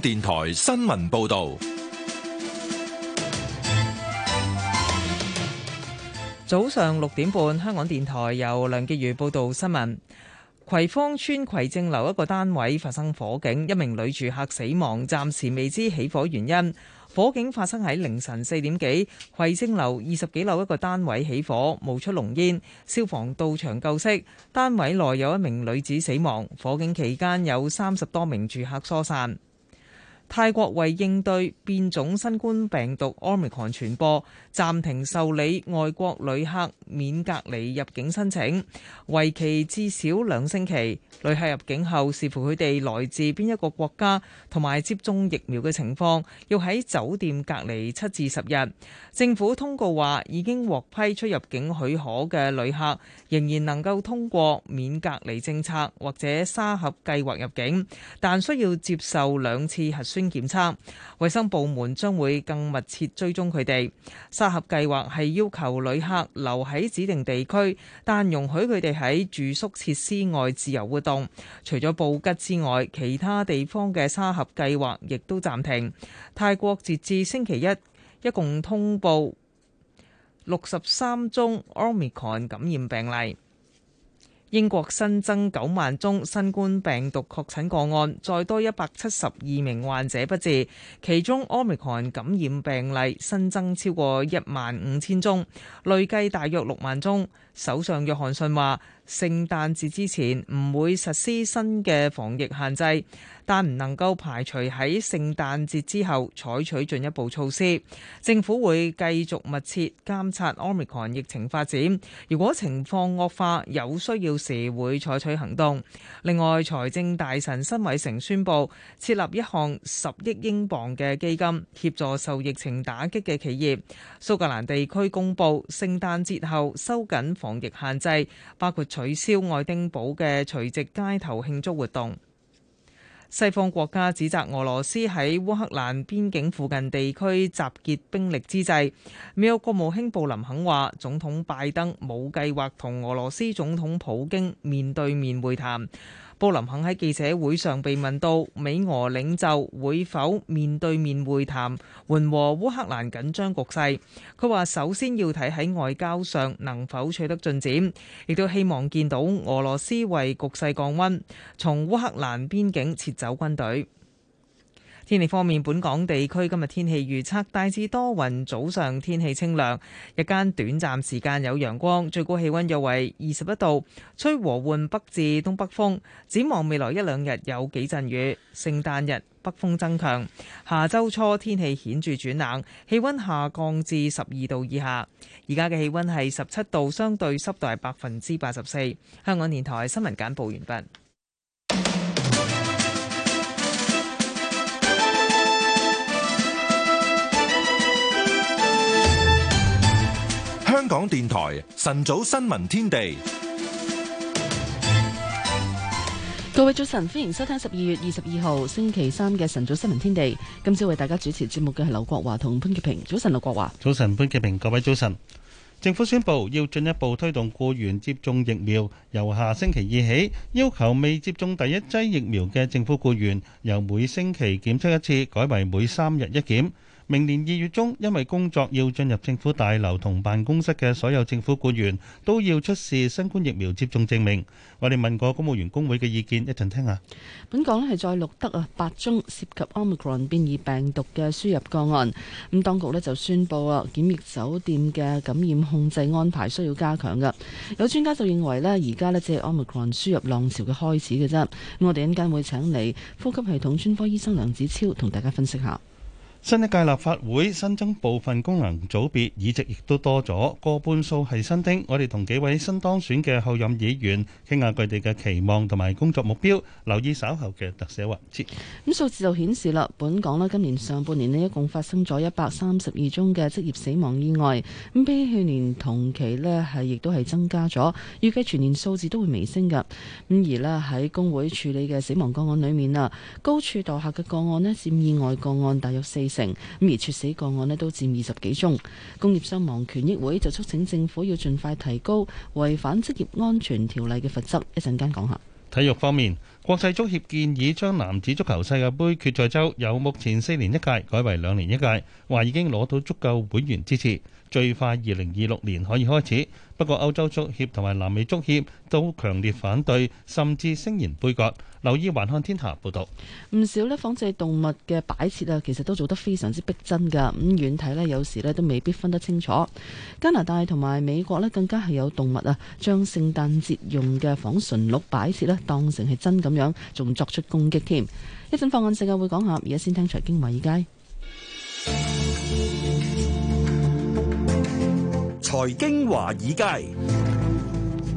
電台新聞報道，早上六點半，香港電台由梁潔如報道新聞。葵芳村葵正樓一個單位發生火警，一名女住客死亡，暫時未知起火原因。火警發生喺凌晨四點幾，葵正樓二十幾樓一個單位起火，冒出濃煙，消防到場救熄。單位內有一名女子死亡。火警期間有三十多名住客疏散。泰國為應對變種新冠病毒 Omicron 傳播，暫停受理外國旅客免隔離入境申請，為期至少兩星期。旅客入境後視乎佢哋來自邊一個國家同埋接種疫苗嘅情況，要喺酒店隔離七至十日。政府通告話已經獲批出入境許可嘅旅客，仍然能夠通過免隔離政策或者沙盒計劃入境，但需要接受兩次核酸。核酸檢測，衛生部門將會更密切追蹤佢哋。沙盒計劃係要求旅客留喺指定地區，但容許佢哋喺住宿設施外自由活動。除咗布吉之外，其他地方嘅沙盒計劃亦都暫停。泰國截至星期一，一共通報六十三宗 Omicron 感染病例。英國新增九萬宗新冠病毒確診個案，再多一百七十二名患者不治，其中 Omicron 感染病例新增超過一萬五千宗，累計大約六萬宗。首相約翰遜話：聖誕節之前唔會實施新嘅防疫限制，但唔能夠排除喺聖誕節之後採取進一步措施。政府會繼續密切監察 Omicron 疫情發展，如果情況惡化，有需要時會採取行動。另外，財政大臣辛偉成宣佈設立一項十億英鎊嘅基金，協助受疫情打擊嘅企業。蘇格蘭地區公佈聖誕節後收緊防疫限制，包括取消愛丁堡嘅除夕街頭慶祝活動。西方國家指責俄羅斯喺烏克蘭邊境附近地區集結兵力之際，美國國務卿布林肯話，總統拜登冇計劃同俄羅斯總統普京面對面會談。布林肯喺記者會上被問到美俄領袖會否面對面會談緩和烏克蘭緊張局勢，佢話首先要睇喺外交上能否取得進展，亦都希望見到俄羅斯為局勢降温，從烏克蘭邊境撤走軍隊。天氣方面，本港地區今日天，天氣預測大致多雲，早上天氣清涼，日間短暫時間有陽光，最高氣溫約為二十一度，吹和緩北至東北風。展望未來一兩日有幾陣雨，聖誕日北風增強，下周初天氣顯著轉冷，氣溫下降至十二度以下。而家嘅氣溫係十七度，相對濕度係百分之八十四。香港電台新聞簡報完畢。香港電台晨早新聞天地，各位早晨，歡迎收聽十二月二十二號星期三嘅晨早新聞天地。今朝為大家主持節目嘅係劉國華同潘潔平。早晨，劉國華。早晨，潘潔平。各位早晨。政府宣布要進一步推動僱員接種疫苗，由下星期二起，要求未接種第一劑疫苗嘅政府僱員，由每星期檢測一次改為每三日一檢。明年二月中，因為工作要進入政府大樓同辦公室嘅所有政府僱員都要出示新冠疫苗接種證明。我哋問過公務員工會嘅意見，一陣聽下。本港咧係再錄得啊八宗涉及 Omicron 變異病毒嘅輸入個案，咁當局呢就宣布啊檢疫酒店嘅感染控制安排需要加強㗎。有專家就認為呢而家咧只係 Omicron 輸入浪潮嘅開始嘅啫。咁我哋陣間會請嚟呼吸系統專科醫生梁子超同大家分析下。新一屆立法會新增部分功能組別，議席亦都多咗，過半數係新丁。我哋同幾位新當選嘅候任議員傾下佢哋嘅期望同埋工作目標。留意稍後嘅特寫環節。咁數字就顯示啦，本港呢今年上半年呢一共發生咗一百三十二宗嘅職業死亡意外，咁比起去年同期呢，係亦都係增加咗。預計全年數字都會微升噶。咁而呢，喺工會處理嘅死亡個案裏面啊，高處墮下嘅個案呢佔意外個案大約四。咁而猝死個案咧都佔二十幾宗，工業傷亡權益會就促請政府要盡快提高違反職業安全條例嘅罰則。一陣間講下。體育方面，國際足協建議將男子足球世界杯決賽周由目前四年一屆改為兩年一屆，話已經攞到足夠會員支持。最快二零二六年可以開始，不過歐洲足協同埋南美足協都強烈反對，甚至聲言杯葛。留意環看天下報道：「唔少呢仿製動物嘅擺設啊，其實都做得非常之逼真噶。咁遠睇呢，有時呢都未必分得清楚。加拿大同埋美國呢，更加係有動物啊，將聖誕節用嘅仿馴鹿擺設呢，當成係真咁樣，仲作出攻擊添。」一陣放眼世界會講下，而家先聽財經華爾街。財經華爾街，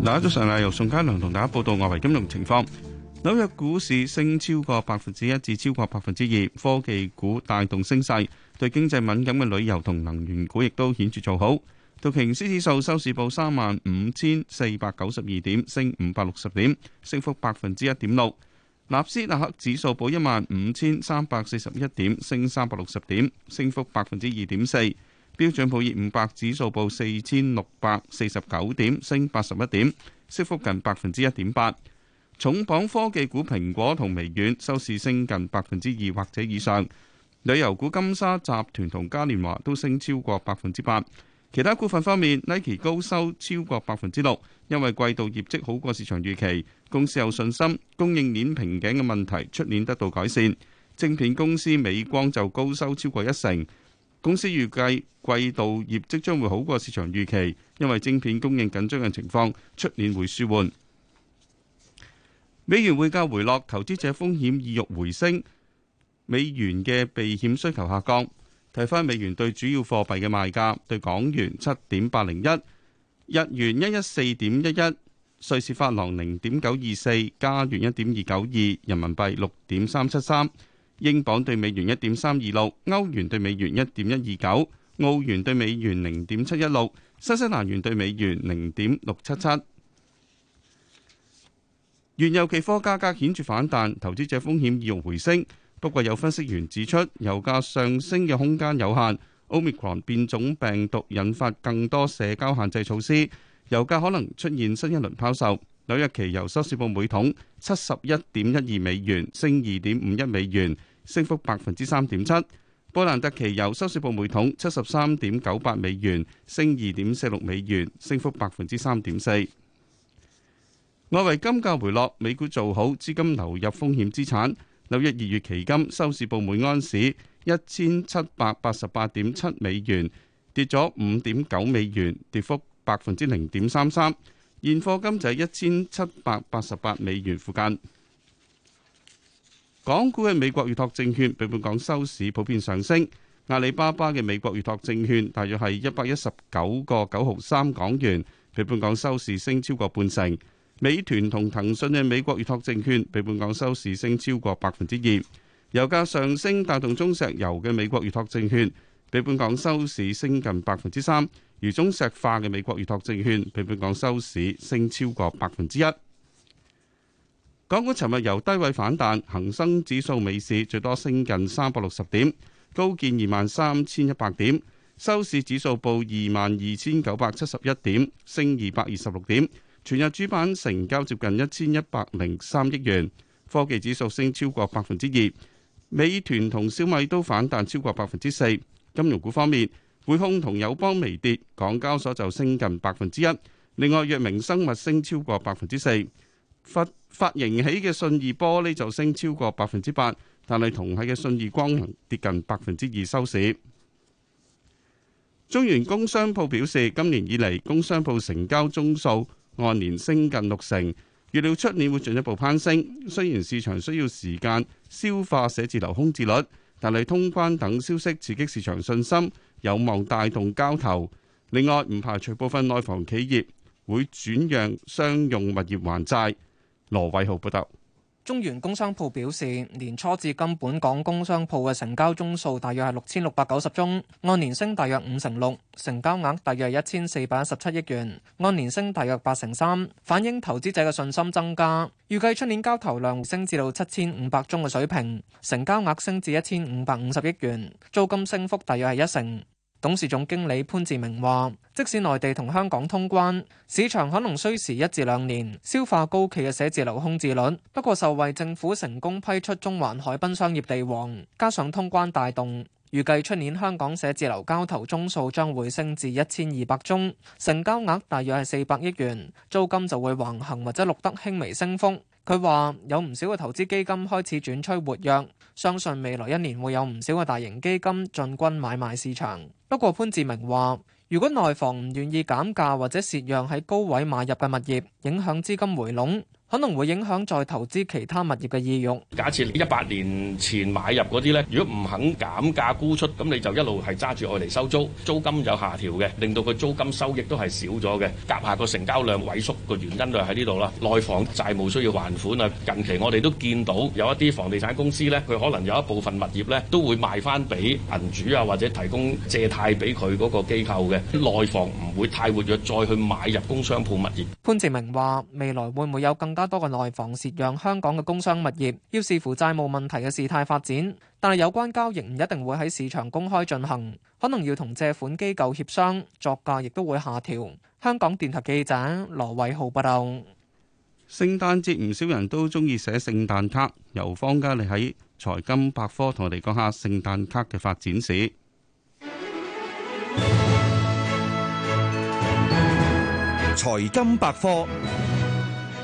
嗱，早晨啊！由宋佳良同大家報道外圍金融情況。紐約股市升超過百分之一至超過百分之二，科技股帶動升勢，對經濟敏感嘅旅遊同能源股亦都顯著做好。道瓊斯指數收市報三萬五千四百九十二點，升五百六十點，升幅百分之一點六。納斯達克指數報一萬五千三百四十一點，升三百六十點，升幅百分之二點四。標準普爾五百指數報四千六百四十九點，升八十一點，升幅近百分之一點八。重磅科技股蘋果同微軟收市升近百分之二或者以上。旅遊股金沙集團同嘉年華都升超過百分之八。其他股份方面，Nike 高收超過百分之六，因為季度業績好過市場預期，公司有信心供應鏈瓶頸嘅問題出年得到改善。晶片公司美光就高收超過一成。公司預計季度業績將會好過市場預期，因為晶片供應緊張嘅情況，出年會舒緩。美元匯價回落，投資者風險意欲回升，美元嘅避險需求下降。睇翻美元對主要貨幣嘅賣價：對港元七點八零一，日元一一四點一一，瑞士法郎零點九二四，加元一點二九二，人民幣六點三七三。英鎊對美元一點三二六，歐元對美元一點一二九，澳元對美元零點七一六，新西蘭元對美元零點六七七。原油期貨價格顯著反彈，投資者風險意欲回升。不過有分析員指出，油價上升嘅空間有限。Omicron 變種病毒引發更多社交限制措施，油價可能出現新一輪拋售。紐約期油收市報每桶七十一點一二美元，升二點五一美元，升幅百分之三點七。布蘭特期油收市報每桶七十三點九八美元，升二點四六美元，升幅百分之三點四。外圍金價回落，美股做好，資金流入風險資產。紐約二月期金收市報每安士一千七百八十八點七美元，跌咗五點九美元，跌幅百分之零點三三。現貨金就係一千七百八十八美元附近。港股嘅美國預託證券比本港收市普遍上升。阿里巴巴嘅美國預託證券大約係一百一十九個九毫三港元，比本港收市升超過半成。美團同騰訊嘅美國預託證券比本港收市升超過百分之二。油價上升，帶動中石油嘅美國預託證券，比本港收市升近百分之三，如中石化嘅美國預託證券，比本港收市升超過百分之一。港股尋日由低位反彈，恒生指數尾市最多升近三百六十點，高見二萬三千一百點，收市指數報二萬二千九百七十一點，升二百二十六點。全日主板成交接近一千一百零三億元，科技指數升超過百分之二，美團同小米都反彈超過百分之四。金融股方面，匯控同友邦微跌，港交所就升近百分之一。另外，藥明生物升超過百分之四，發發盈喜嘅信義玻璃就升超過百分之八，但係同係嘅信義光能跌近百分之二收市。中原工商鋪表示，今年以嚟工商鋪成交宗數按年升近六成，預料出年會進一步攀升。雖然市場需要時間消化寫字樓空置率。但係通關等消息刺激市場信心，有望帶動交投。另外，唔排除部分內房企業會轉讓商用物業還債。羅偉豪報道。中原工商鋪表示，年初至今本港工商鋪嘅成交宗數大約係六千六百九十宗，按年升大約五成六，成交額大約係一千四百一十七億元，按年升大約八成三，反映投資者嘅信心增加。預計出年交投量升至到七千五百宗嘅水平，成交額升至一千五百五十億元，租金升幅大約係一成。董事總經理潘志明話，即使內地同香港通關，市場可能需時一至兩年消化高企嘅寫字樓空置率。不過受惠政府成功批出中環海濱商業地王，加上通關帶動，預計出年香港寫字樓交投宗數將會升至一千二百宗，成交額大約係四百億元，租金就會橫行或者錄得輕微升幅。佢話有唔少嘅投資基金開始轉趨活躍。相信未來一年會有唔少嘅大型基金進軍買賣市場。不過潘志明話：如果內房唔願意減價或者蝕讓喺高位買入嘅物業，影響資金回籠。可能會影響再投資其他物業嘅意欲。假設你一百年前買入嗰啲呢，如果唔肯減價沽出，咁你就一路係揸住外嚟收租，租金有下調嘅，令到佢租金收益都係少咗嘅。夾下個成交量萎縮個原因就喺呢度啦。內房債務需要還款啊，近期我哋都見到有一啲房地產公司呢，佢可能有一部分物業呢，都會賣翻俾銀主啊，或者提供借貸俾佢嗰個機構嘅。內房唔會太活躍，再去買入工商鋪物業。潘志明話：未來會唔會有更加多嘅內房涉讓香港嘅工商物業，要視乎債務問題嘅事態發展，但係有關交易唔一定會喺市場公開進行，可能要同借款機構協商，作價亦都會下調。香港電台記者羅偉浩報導。聖誕節唔少人都中意寫聖誕卡，由方家利喺財金百科同我哋講下聖誕卡嘅發展史。財金百科。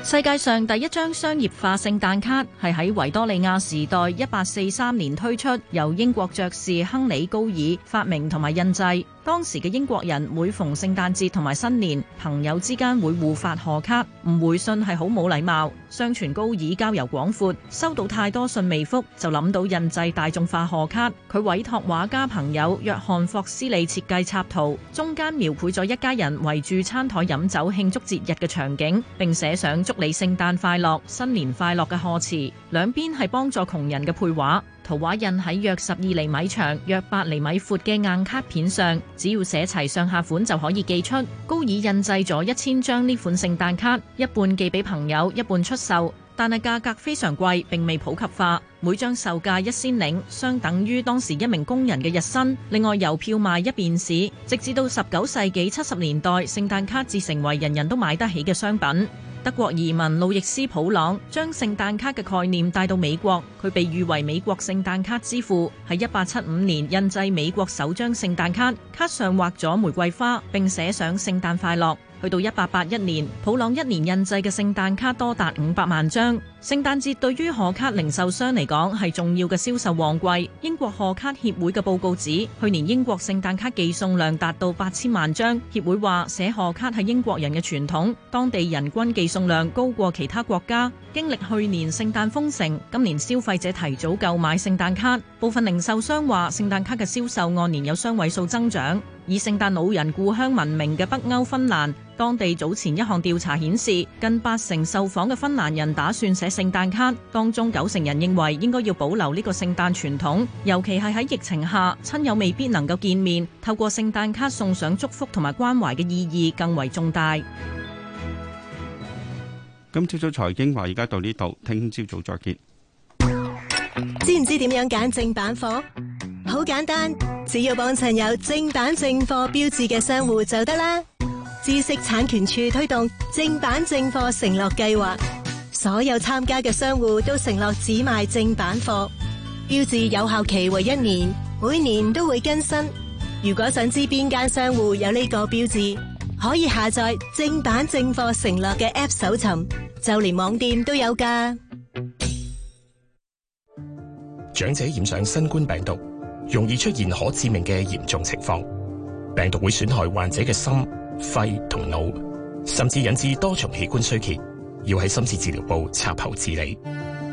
世界上第一張商業化聖誕卡係喺維多利亞時代一八四三年推出，由英國爵士亨利高爾發明同埋印製。當時嘅英國人每逢聖誕節同埋新年，朋友之間會互發賀卡，唔回信係好冇禮貌。相傳高爾交友廣闊，收到太多信未覆，就諗到印製大眾化賀卡。佢委託畫家朋友約翰霍斯利設計插圖，中間描繪咗一家人圍住餐台飲酒慶祝節日嘅場景，並寫上祝你聖誕快樂、新年快樂嘅賀詞。兩邊係幫助窮人嘅配畫。圖畫印喺約十二厘米長、約八厘米闊嘅硬卡片上，只要寫齊上下款就可以寄出。高爾印製咗一千張呢款聖誕卡，一半寄俾朋友，一半出售，但係價格非常貴，並未普及化。每張售價一先令，相等於當時一名工人嘅日薪。另外郵票賣一便士，直至到十九世紀七十年代，聖誕卡至成為人人都買得起嘅商品。德國移民路易斯普朗將聖誕卡嘅概念帶到美國，佢被譽為美國聖誕卡之父。喺一八七五年印製美國首張聖誕卡，卡上畫咗玫瑰花，並寫上聖誕快樂。去到一八八一年，普朗一年印製嘅聖誕卡多達五百萬張。聖誕節對於賀卡零售商嚟講係重要嘅銷售旺季。英國賀卡協會嘅報告指，去年英國聖誕卡寄送量達到八千萬張。協會話寫賀卡係英國人嘅傳統，當地人均寄送量高過其他國家。經歷去年聖誕封城，今年消費者提早購買聖誕卡。部分零售商話聖誕卡嘅銷售按年有雙位數增長。以聖誕老人故鄉聞名嘅北歐芬蘭，當地早前一項調查顯示，近八成受訪嘅芬蘭人打算寫聖誕卡當中，九成人認為應該要保留呢個聖誕傳統，尤其係喺疫情下，親友未必能夠見面，透過聖誕卡送上祝福同埋關懷嘅意義更為重大。今朝早財經話，而家到呢度，聽朝早再見。知唔知點樣揀正版貨？好簡單，只要幫襯有正版正貨標誌嘅商戶就得啦。知識產權處推動正版正貨承諾計劃。所有參加嘅商戶都承諾只賣正版貨，標誌有效期為一年，每年都會更新。如果想知道邊間商戶有呢個標誌，可以下載正版正貨承諾嘅 App 搜尋，就連網店都有噶。長者染上新冠病毒，容易出現可致命嘅嚴重情況，病毒會損害患者嘅心、肺同腦，甚至引致多重器官衰竭。要喺深切治療部插喉治理，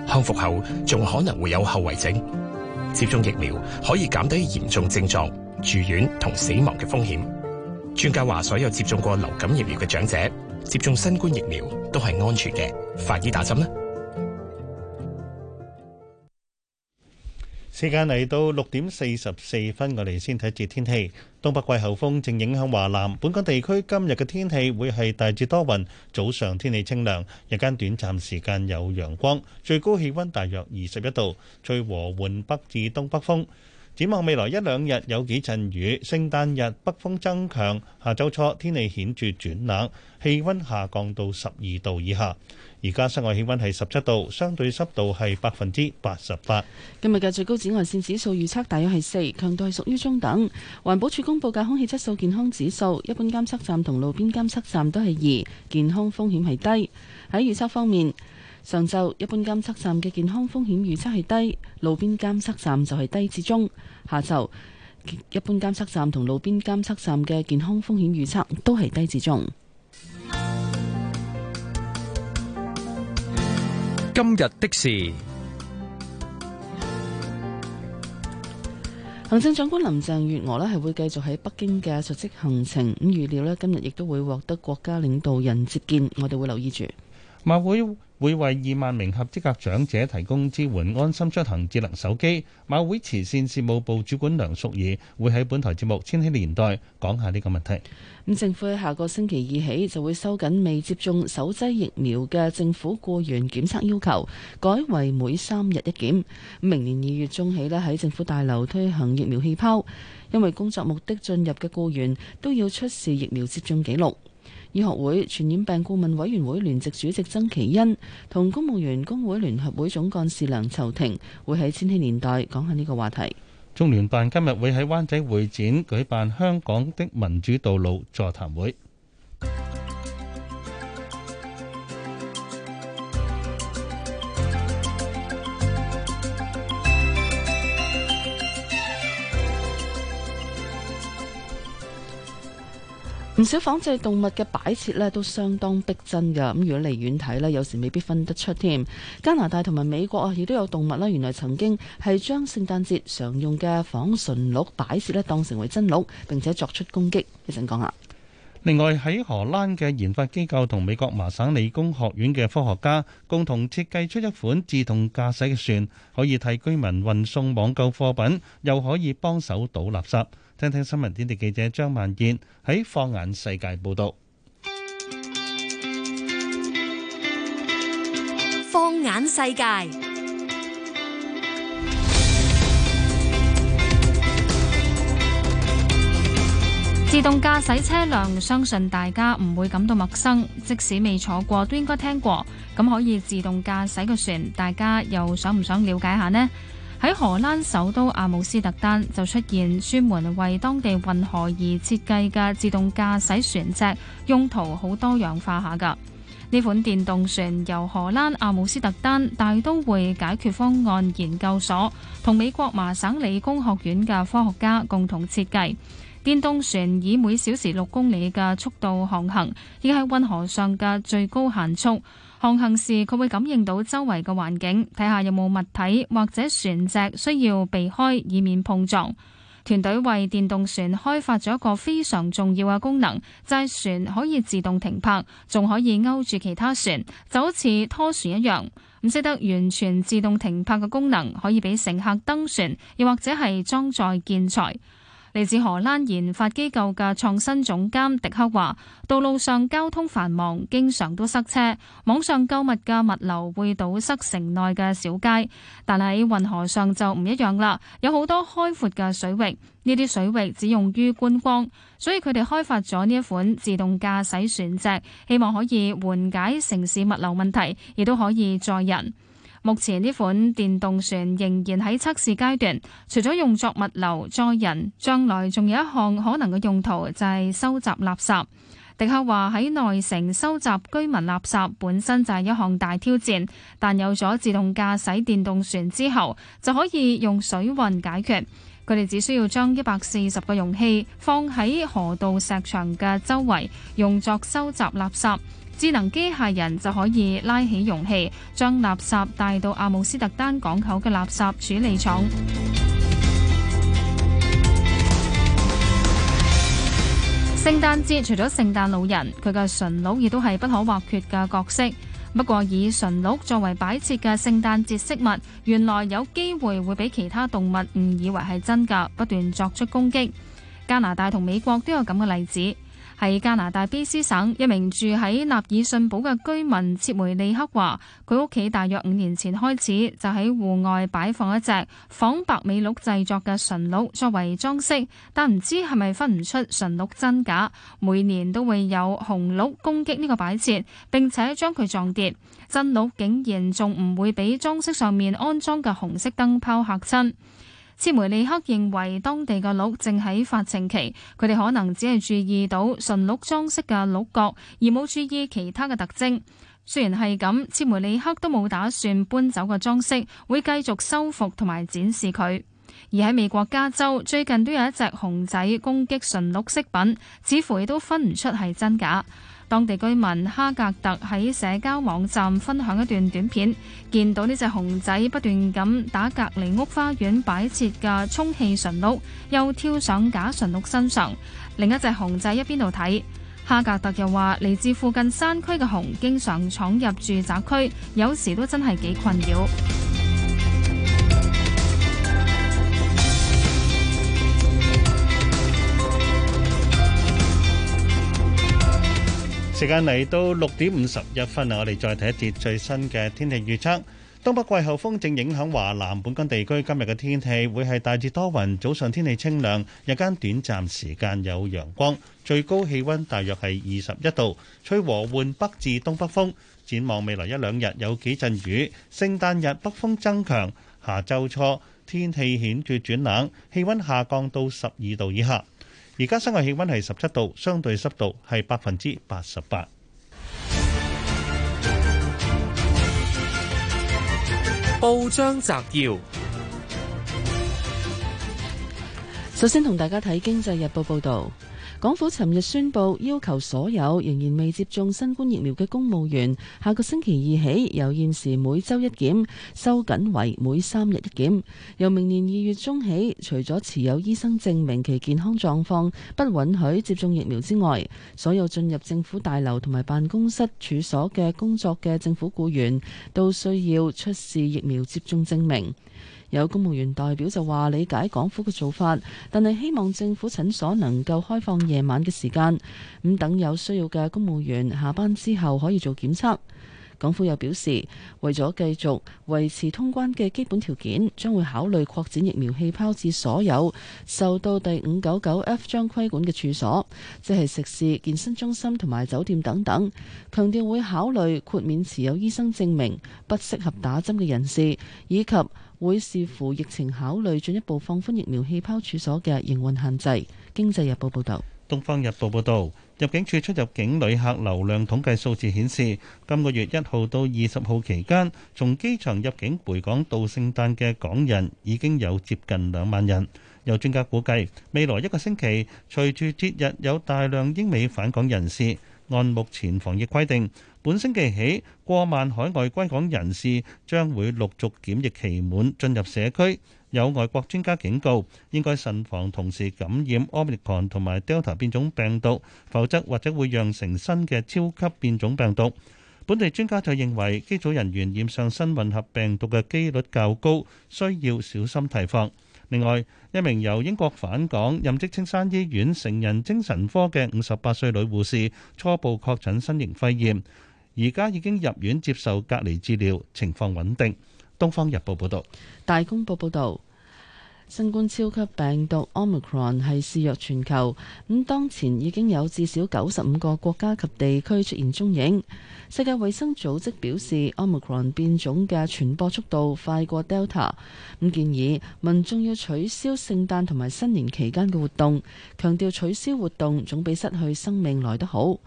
康復後仲可能會有後遺症。接種疫苗可以減低嚴重症狀、住院同死亡嘅風險。專家話，所有接種過流感疫苗嘅長者，接種新冠疫苗都係安全嘅，快啲打針啦！時間嚟到六點四十四分，我哋先睇一節天氣。東北季候風正影響華南，本港地區今日嘅天氣會係大致多雲，早上天氣清涼，日間短暫時間有陽光，最高氣溫大約二十一度，吹和緩北至東北風。展望未來一兩日有幾陣雨，聖誕日北風增強，下周初天氣顯著轉冷，氣溫下降到十二度以下。而家室外氣溫係十七度，相對濕度係百分之八十八。今日嘅最高紫外線指數預測大約係四，強度係屬於中等。環保署公布嘅空氣質素健康指數，一般監測站同路邊監測站都係二，健康風險係低。喺預測方面，上晝一般監測站嘅健康風險預測係低，路邊監測站就係低至中。下晝一般監測站同路邊監測站嘅健康風險預測都係低至中。今日的事，行政長官林鄭月娥呢係會繼續喺北京嘅述職行程，咁預料呢今日亦都會獲得國家領導人接見，我哋會留意住。 會為二萬名合資格長者提供支援安心出行智能手機。馬會慈善事務部主管梁淑儀會喺本台節目《千禧年代》講下呢個問題。咁政府喺下個星期二起就會收緊未接種首劑疫苗嘅政府雇員檢測要求，改為每三日一檢。咁明年二月中起呢喺政府大樓推行疫苗氣泡，因為工作目的進入嘅雇員都要出示疫苗接種記錄。醫學會傳染病顧問委員會聯席主席曾其恩同公務員工會聯合會總幹事梁籌庭會喺千禧年代講下呢個話題。中聯辦今日會喺灣仔會展舉辦香港的民主道路座談會。唔少仿製動物嘅擺設咧，都相當逼真㗎。咁如果離遠睇咧，有時未必分得出添。加拿大同埋美國啊，亦都有動物啦。原來曾經係將聖誕節常用嘅仿純鹿擺設咧，當成為真鹿，並且作出攻擊。一陣講下。另外喺荷蘭嘅研發機構同美國麻省理工學院嘅科學家共同設計出一款自動駕駛嘅船，可以替居民運送網購貨品，又可以幫手倒垃圾。聽聽新聞天地記者張萬燕喺放眼世界報道。放眼世界，世界自動駕駛車輛相信大家唔會感到陌生，即使未坐過都應該聽過。咁可以自動駕駛嘅船，大家又想唔想了解下呢？喺荷蘭首都阿姆斯特丹就出現專門為當地運河而設計嘅自動駕駛船隻，用途好多樣化下㗎。呢款電動船由荷蘭阿姆斯特丹大都會解決方案研究所同美國麻省理工學院嘅科學家共同設計。電動船以每小時六公里嘅速度航行，亦係運河上嘅最高限速。航行時，佢會感應到周圍嘅環境，睇下有冇物體或者船隻需要避開，以免碰撞。團隊為電動船開發咗一個非常重要嘅功能，就係船可以自動停泊，仲可以勾住其他船，就好似拖船一樣。唔識得完全自動停泊嘅功能，可以俾乘客登船，又或者係裝載建材。嚟自荷蘭研發機構嘅創新總監迪克話：道路上交通繁忙，經常都塞車；網上購物嘅物流會堵塞城內嘅小街。但喺運河上就唔一樣啦，有好多開闊嘅水域。呢啲水域只用於觀光，所以佢哋開發咗呢一款自動駕駛船隻，希望可以緩解城市物流問題，亦都可以載人。目前呢款電動船仍然喺測試階段，除咗用作物流載人，將來仲有一項可能嘅用途就係收集垃圾。迪克話，喺內城收集居民垃圾本身就係一項大挑戰，但有咗自動駕駛電動船之後就可以用水運解決，佢哋只需要將一百四十個容器放喺河道石牆嘅周圍用作收集垃圾。智能機械人就可以拉起容器，將垃圾帶到阿姆斯特丹港口嘅垃圾處理廠。 聖誕節除咗聖誕老人，佢嘅馴鹿亦都係不可或缺嘅角色。不過，以馴鹿作為擺設嘅聖誕節飾物，原來有機會會俾其他動物誤以為係真㗎，不斷作出攻擊。加拿大同美國都有咁嘅例子。喺加拿大 BC 省一名住喺納爾遜堡嘅居民切梅利克話：佢屋企大約五年前開始就喺戶外擺放一隻仿白尾鹿製作嘅馴鹿作為裝飾，但唔知係咪分唔出馴鹿真假，每年都會有紅鹿攻擊呢個擺設並且將佢撞跌，真鹿竟然仲唔會俾裝飾上面安裝嘅紅色燈泡嚇親。切梅里克認為當地嘅鹿正喺發情期，佢哋可能只係注意到馴鹿裝飾嘅鹿角，而冇注意其他嘅特徵。雖然係咁，切梅里克都冇打算搬走個裝飾，會繼續修復同埋展示佢。而喺美國加州，最近都有一隻熊仔攻擊馴鹿飾品，似乎亦都分唔出係真假。當地居民哈格特喺社交網站分享一段短片，見到呢隻熊仔不斷咁打隔離屋花園擺設嘅充氣馴鹿，又跳上假馴鹿身上。另一隻熊仔一邊度睇，哈格特又話：嚟自附近山區嘅熊經常闖入住宅區，有時都真係幾困擾。時間嚟到六點五十一分啦，我哋再睇一節最新嘅天氣預測。東北季候風正影響華南本港地區，今日嘅天氣會係大致多雲，早上天氣清涼，日間短暫時間有陽光，最高氣溫大約係二十一度，吹和緩北至東北風。展望未來一兩日有幾陣雨，聖誕日北風增強，下周初天氣顯著轉冷，氣溫下降到十二度以下。而家室外氣溫係十七度，相對濕度係百分之八十八。報章摘要，首先同大家睇《經濟日報》報道。港府尋日宣布，要求所有仍然未接種新冠疫苗嘅公務員，下個星期二起，由現時每週一檢，收緊為每三日一檢。由明年二月中起，除咗持有醫生證明其健康狀況不允許接種疫苗之外，所有進入政府大樓同埋辦公室處所嘅工作嘅政府雇員，都需要出示疫苗接種證明。有公務員代表就話理解港府嘅做法，但係希望政府診所能夠開放夜晚嘅時間，咁等有需要嘅公務員下班之後可以做檢測。港府又表示，為咗繼續維持通關嘅基本條件，將會考慮擴展疫苗氣泡至所有受到第五九九 F 章規管嘅處所，即係食肆、健身中心同埋酒店等等。強調會考慮豁免持有醫生證明，不適合打針嘅人士，以及會視乎疫情考慮進一步放寬疫苗氣泡處所嘅營運限制。經濟日報報道，東方日報報道。入境處出入境旅客流量統計數字顯示，今個月一號到二十號期間，從機場入境回港度聖誕嘅港人已經有接近兩萬人。有專家估計，未來一個星期，隨住節日有大量英美返港人士，按目前防疫規定，本星期起過萬海外歸港人士將會陸續檢疫期滿進入社區。有外國專家警告，應該慎防同時感染 Omicron 同埋 Delta 變種病毒，否則或者會釀成新嘅超級變種病毒。本地專家就認為，機組人員染上新混合病毒嘅幾率較高，需要小心提防。另外，一名由英國返港、任職青山醫院成人精神科嘅五十八歲女護士，初步確診新型肺炎，而家已經入院接受隔離治療，情況穩定。《東方日報》報導，《大公報》報導，新冠超級病毒 Omicron 係肆虐全球，咁當前已經有至少九十五個國家及地區出現蹤影。世界衛生組織表示，Omicron 變種嘅傳播速度快過 Delta，咁建議民眾要取消聖誕同埋新年期間嘅活動，強調取消活動總比失去生命來得好。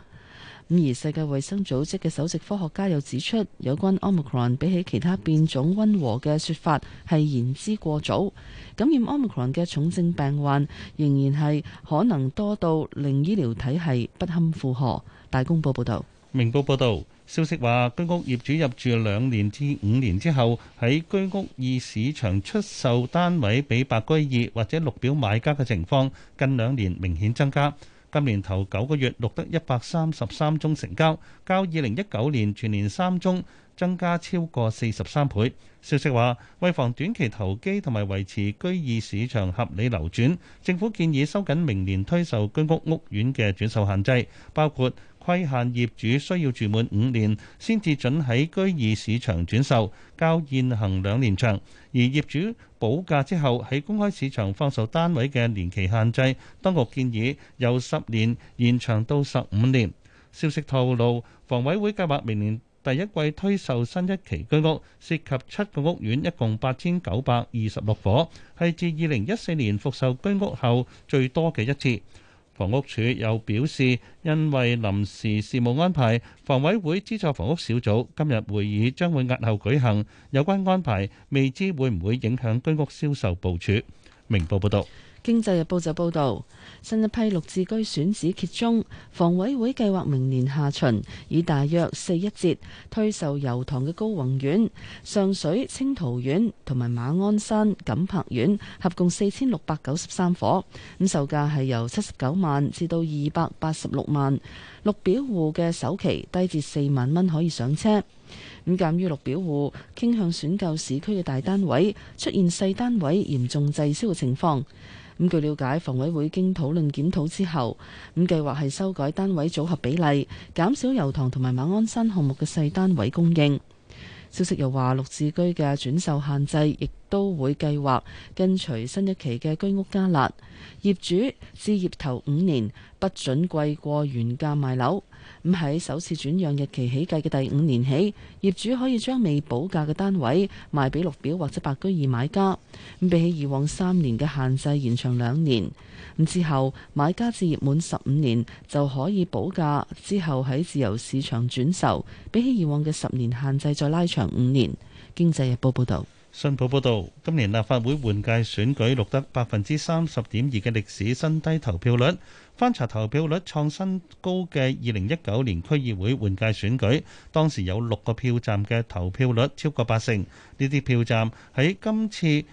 而世界衛生組織嘅首席科學家又指出，有關 Omicron 比起其他變種溫和嘅說法係言之過早。感染 Omicron 嘅重症病患仍然係可能多到令醫療體系不堪負荷。大公報報道：「明報報道消息話，居屋業主入住兩年至五年之後，喺居屋二市場出售單位俾白居二或者綠表買家嘅情況，近兩年明顯增加。」今年頭九個月錄得一百三十三宗成交，較二零一九年全年三宗增加超過四十三倍。消息話，為防短期投機同埋維持居二市場合理流轉，政府建議收緊明年推售居屋屋苑嘅轉售限制，包括，規限業主需要住滿五年先至準喺居二市場轉售，較現行兩年長。而業主補價之後喺公開市場放售單位嘅年期限制，當局建議由十年延長到十五年。消息透露，房委會計劃明年第一季推售新一期居屋，涉及七個屋苑，一共八千九百二十六伙，係自二零一四年復售居屋後最多嘅一次。房屋署又表示，因為臨時事務安排，房委會資助房屋小組今日會議將會押後舉行，有關安排未知會唔會影響居屋銷售部署。明報報導。經濟日報就報道，新一批六字居選址揭盅，房委會計劃明年下旬以大約四一折推售油塘嘅高宏苑、上水清桃苑同埋馬鞍山錦柏苑，合共四千六百九十三伙，咁售價係由七十九萬至到二百八十六萬，綠表戶嘅首期低至四萬蚊可以上車。咁鑒於綠表戶傾向選購市區嘅大單位，出現細單位嚴重滯銷嘅情況，咁據了解，房委會經討論檢討之後，咁計劃係修改單位組合比例，減少油塘同埋馬鞍山項目嘅細單位供應。消息又話，綠置居嘅轉售限制亦都會計劃跟隨新一期嘅居屋加辣，業主置業頭五年不准貴過原價賣樓。咁喺首次轉讓日期起計嘅第五年起，業主可以將未補價嘅單位賣俾綠表或者白居二買家。咁比起以往三年嘅限制，延長兩年。咁之後買家置業滿十五年就可以補價，之後喺自由市場轉售，比起以往嘅十年限制再拉長五年。經濟日報報道。信報報道，今年立法會換屆選舉錄得百分之三十點二嘅歷史新低投票率。翻查投票率創新高嘅二零一九年區議會換屆選舉，當時有六個票站嘅投票率超過八成。呢啲票站喺今次立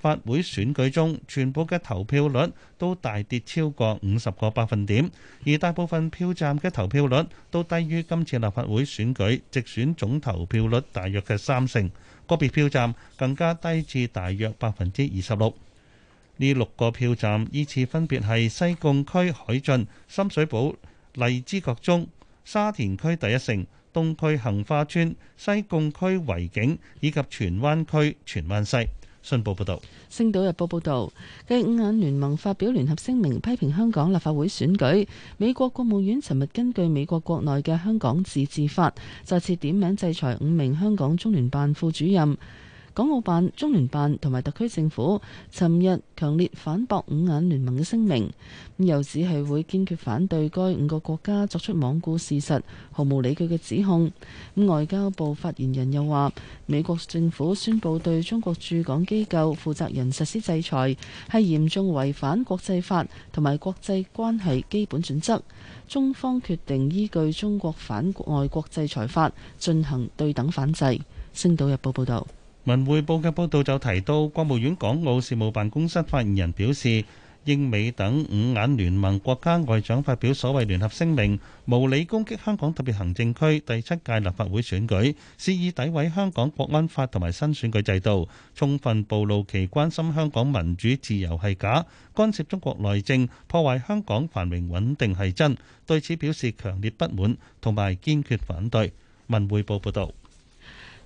法會選舉中，全部嘅投票率都大跌超過五十個百分點，而大部分票站嘅投票率都低於今次立法會選舉直選總投票率大約嘅三成。個別票站更加低至大約百分之二十六，呢六個票站依次分別係西貢區海進、深水埗荔枝角中、沙田區第一城、東區杏花村、西貢區維景以及荃灣區荃灣西。新報報道：星島日報報道，繼五眼聯盟發表聯合聲明，批評香港立法會選舉。美國國務院尋日根據美國國內嘅香港自治法，再次點名制裁五名香港中聯辦副主任。港澳辦、中聯辦同埋特區政府尋日強烈反駁五眼聯盟嘅聲明，又指係會堅決反對該五個國家作出罔顧事實、毫無理據嘅指控。外交部發言人又話：美國政府宣布對中國駐港機構負責人實施制裁，係嚴重違反國際法同埋國際關係基本準則。中方決定依據中國反外國制裁法進行對等反制。《星島日報,報道》報導。文匯報嘅報道就提到，國務院港澳事務辦公室發言人表示，英美等五眼聯盟國家外長發表所謂聯合聲明，無理攻擊香港特別行政區第七屆立法會選舉，肆意詆毀香港國安法同埋新選舉制度，充分暴露其關心香港民主自由係假，干涉中國內政、破壞香港繁榮穩定係真。對此表示強烈不滿同埋堅決反對。文匯報報道，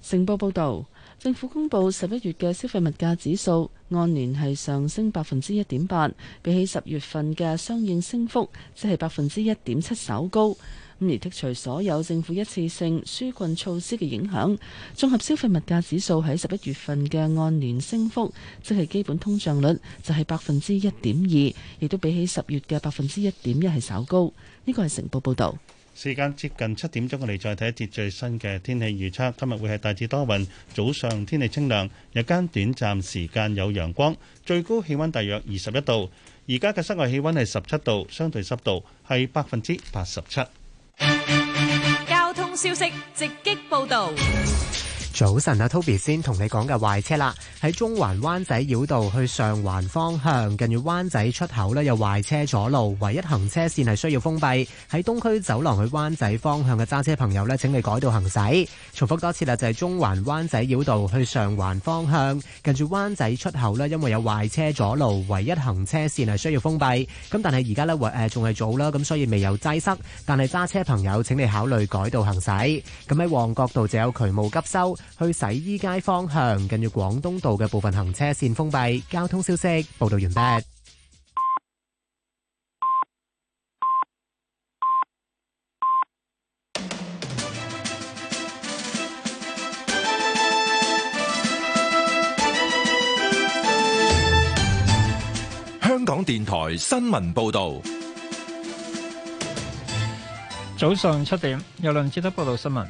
成報報道。政府公布十一月嘅消費物價指數，按年係上升百分之一點八，比起十月份嘅相應升幅，即係百分之一點七，稍高。咁而剔除所有政府一次性紓困措施嘅影響，綜合消費物價指數喺十一月份嘅按年升幅，即係基本通脹率就係百分之一點二，亦都比起十月嘅百分之一點一係稍高。呢個係成報報道。時間接近七點鐘，我哋再睇一節最新嘅天氣預測。今日會係大致多雲，早上天氣清涼，日間短暫時間有陽光，最高氣溫大約二十一度。而家嘅室外氣溫係十七度，相對濕度係百分之八十七。交通消息直擊報道。早晨啊，Toby 先同你講嘅壞車啦，喺中環灣仔繞道去上環方向，近住灣仔出口咧有壞車阻路，唯一行車線係需要封閉。喺東區走廊去灣仔方向嘅揸車朋友咧，請你改道行駛。重複多次啦，就係中環灣仔繞道去上環方向，近住灣仔出口咧，因為有壞車阻路，唯一行車線係需要封閉。咁但係而家咧，誒仲係早啦，咁所以未有擠塞，但係揸車朋友請你考慮改道行駛。咁喺旺角道就有渠務急修。去洗衣街方向，近住廣東道嘅部分行車線封閉。交通消息報道完畢。香港電台新聞報道，早上七點，由梁志德報道新聞。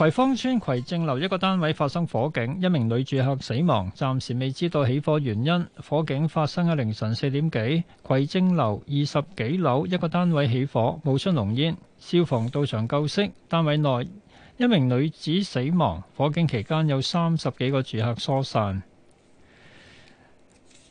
葵芳村葵正樓一個單位發生火警，一名女住客死亡，暫時未知道起火原因。火警發生喺凌晨四點幾，葵正樓二十幾樓一個單位起火，冒出濃煙，消防到場救熄。單位內一名女子死亡，火警期間有三十幾個住客疏散。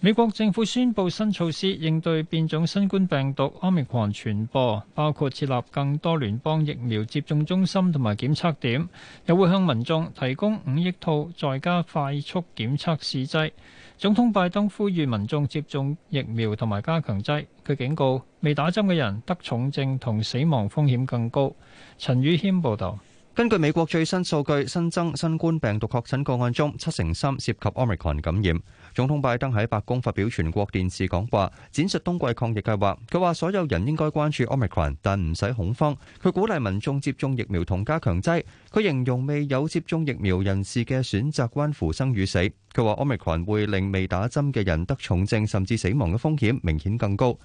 美國政府宣布新措施，應對變種新冠病毒奧密克戎傳播，包括設立更多聯邦疫苗接種中心同埋檢測點，又會向民眾提供五億套在家快速檢測試劑。總統拜登呼籲民眾接種疫苗同埋加強劑，佢警告未打針嘅人得重症同死亡風險更高。陳宇軒報導。根據美國最新數據，新增新冠病毒確診個案中，七成三涉及 Omicron 感染。總統拜登喺白宮發表全國電視講話，展述冬季抗疫計劃。佢話所有人應該關注 Omicron，但唔使恐慌。佢鼓勵民眾接種疫苗同加強劑。佢形容未有接種疫苗人士嘅選擇關乎生與死。佢話 Omicron 會令未打針嘅人得重症，甚至死亡嘅風險明顯更高。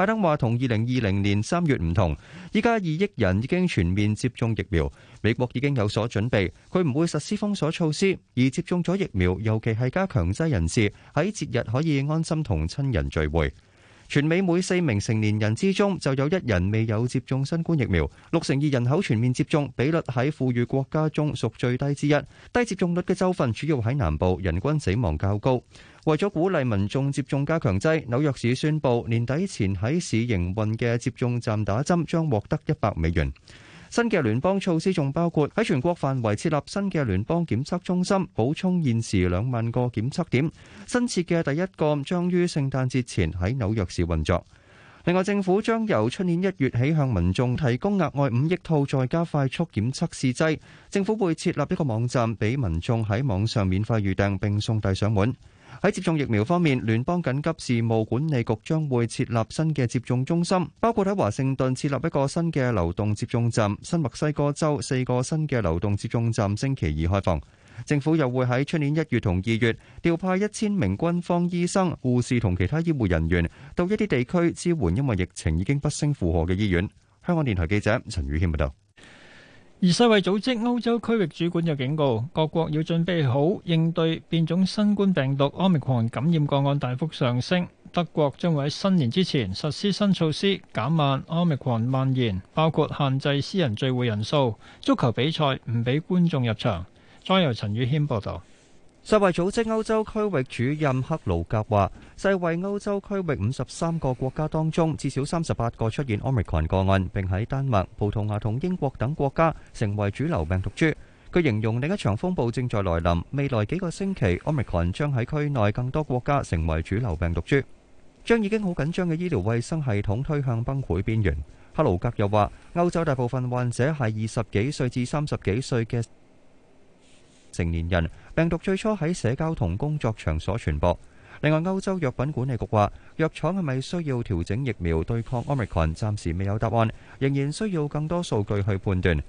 拜登話：同二零二零年三月唔同，依家二億人已經全面接種疫苗，美國已經有所準備。佢唔會實施封鎖措施，而接種咗疫苗，尤其係加強劑人士，喺節日可以安心同親人聚會。全美每四名成年人之中，就有一人未有接種新冠疫苗，六成二人口全面接種，比率喺富裕國家中屬最低之一。低接種率嘅州份主要喺南部，人均死亡較高。為咗鼓勵民眾接種加強劑，紐約市宣布年底前喺市營運嘅接種站打針將獲得100美元。新嘅聯邦措施仲包括喺全國範圍設立新嘅聯邦檢測中心，補充現時兩萬個檢測點。新設嘅第一個將於聖誕節前喺紐約市運作。另外，政府將由出年一月起向民眾提供額外五億套再加快速檢測試劑。政府會設立一個網站，俾民眾喺網上免費預訂並送遞上門。喺接種疫苗方面，聯邦緊急事務管理局將會設立新嘅接種中心，包括喺華盛頓設立一個新嘅流動接種站，新墨西哥州四個新嘅流動接種站星期二開放。政府又會喺出年一月同二月調派一千名軍方醫生、護士同其他醫護人員到一啲地區支援，因為疫情已經不勝負荷嘅醫院。香港電台記者陳宇謙報道。而世衛組織歐洲區域主管就警告，各國要準備好應對變種新冠病毒 omicron 感染個案大幅上升。德國將會喺新年之前實施新措施，減慢 omicron 蔓延，包括限制私人聚會人數、足球比賽唔俾觀眾入場。再由陳宇謙報道。世衛組織歐洲區域主任克魯格話，世衛歐洲區域五十三個國家當中，至少三十八個出現 Omicron 個案，並喺丹麥、葡萄牙同英國等國家成為主流病毒株。佢形容另一場風暴正在來臨，未來幾個星期 Omicron 將喺區內更多國家成為主流病毒株，將已經好緊張嘅醫療衛生系統推向崩潰邊緣。克魯格又話，歐洲大部分患者係二十幾歲至三十幾歲嘅。成年人病毒最初喺社交同工作場所傳播。另外，歐洲藥品管理局話，藥廠係咪需要調整疫苗對抗 Omicron，暫時未有答案，仍然需要更多數據去判斷。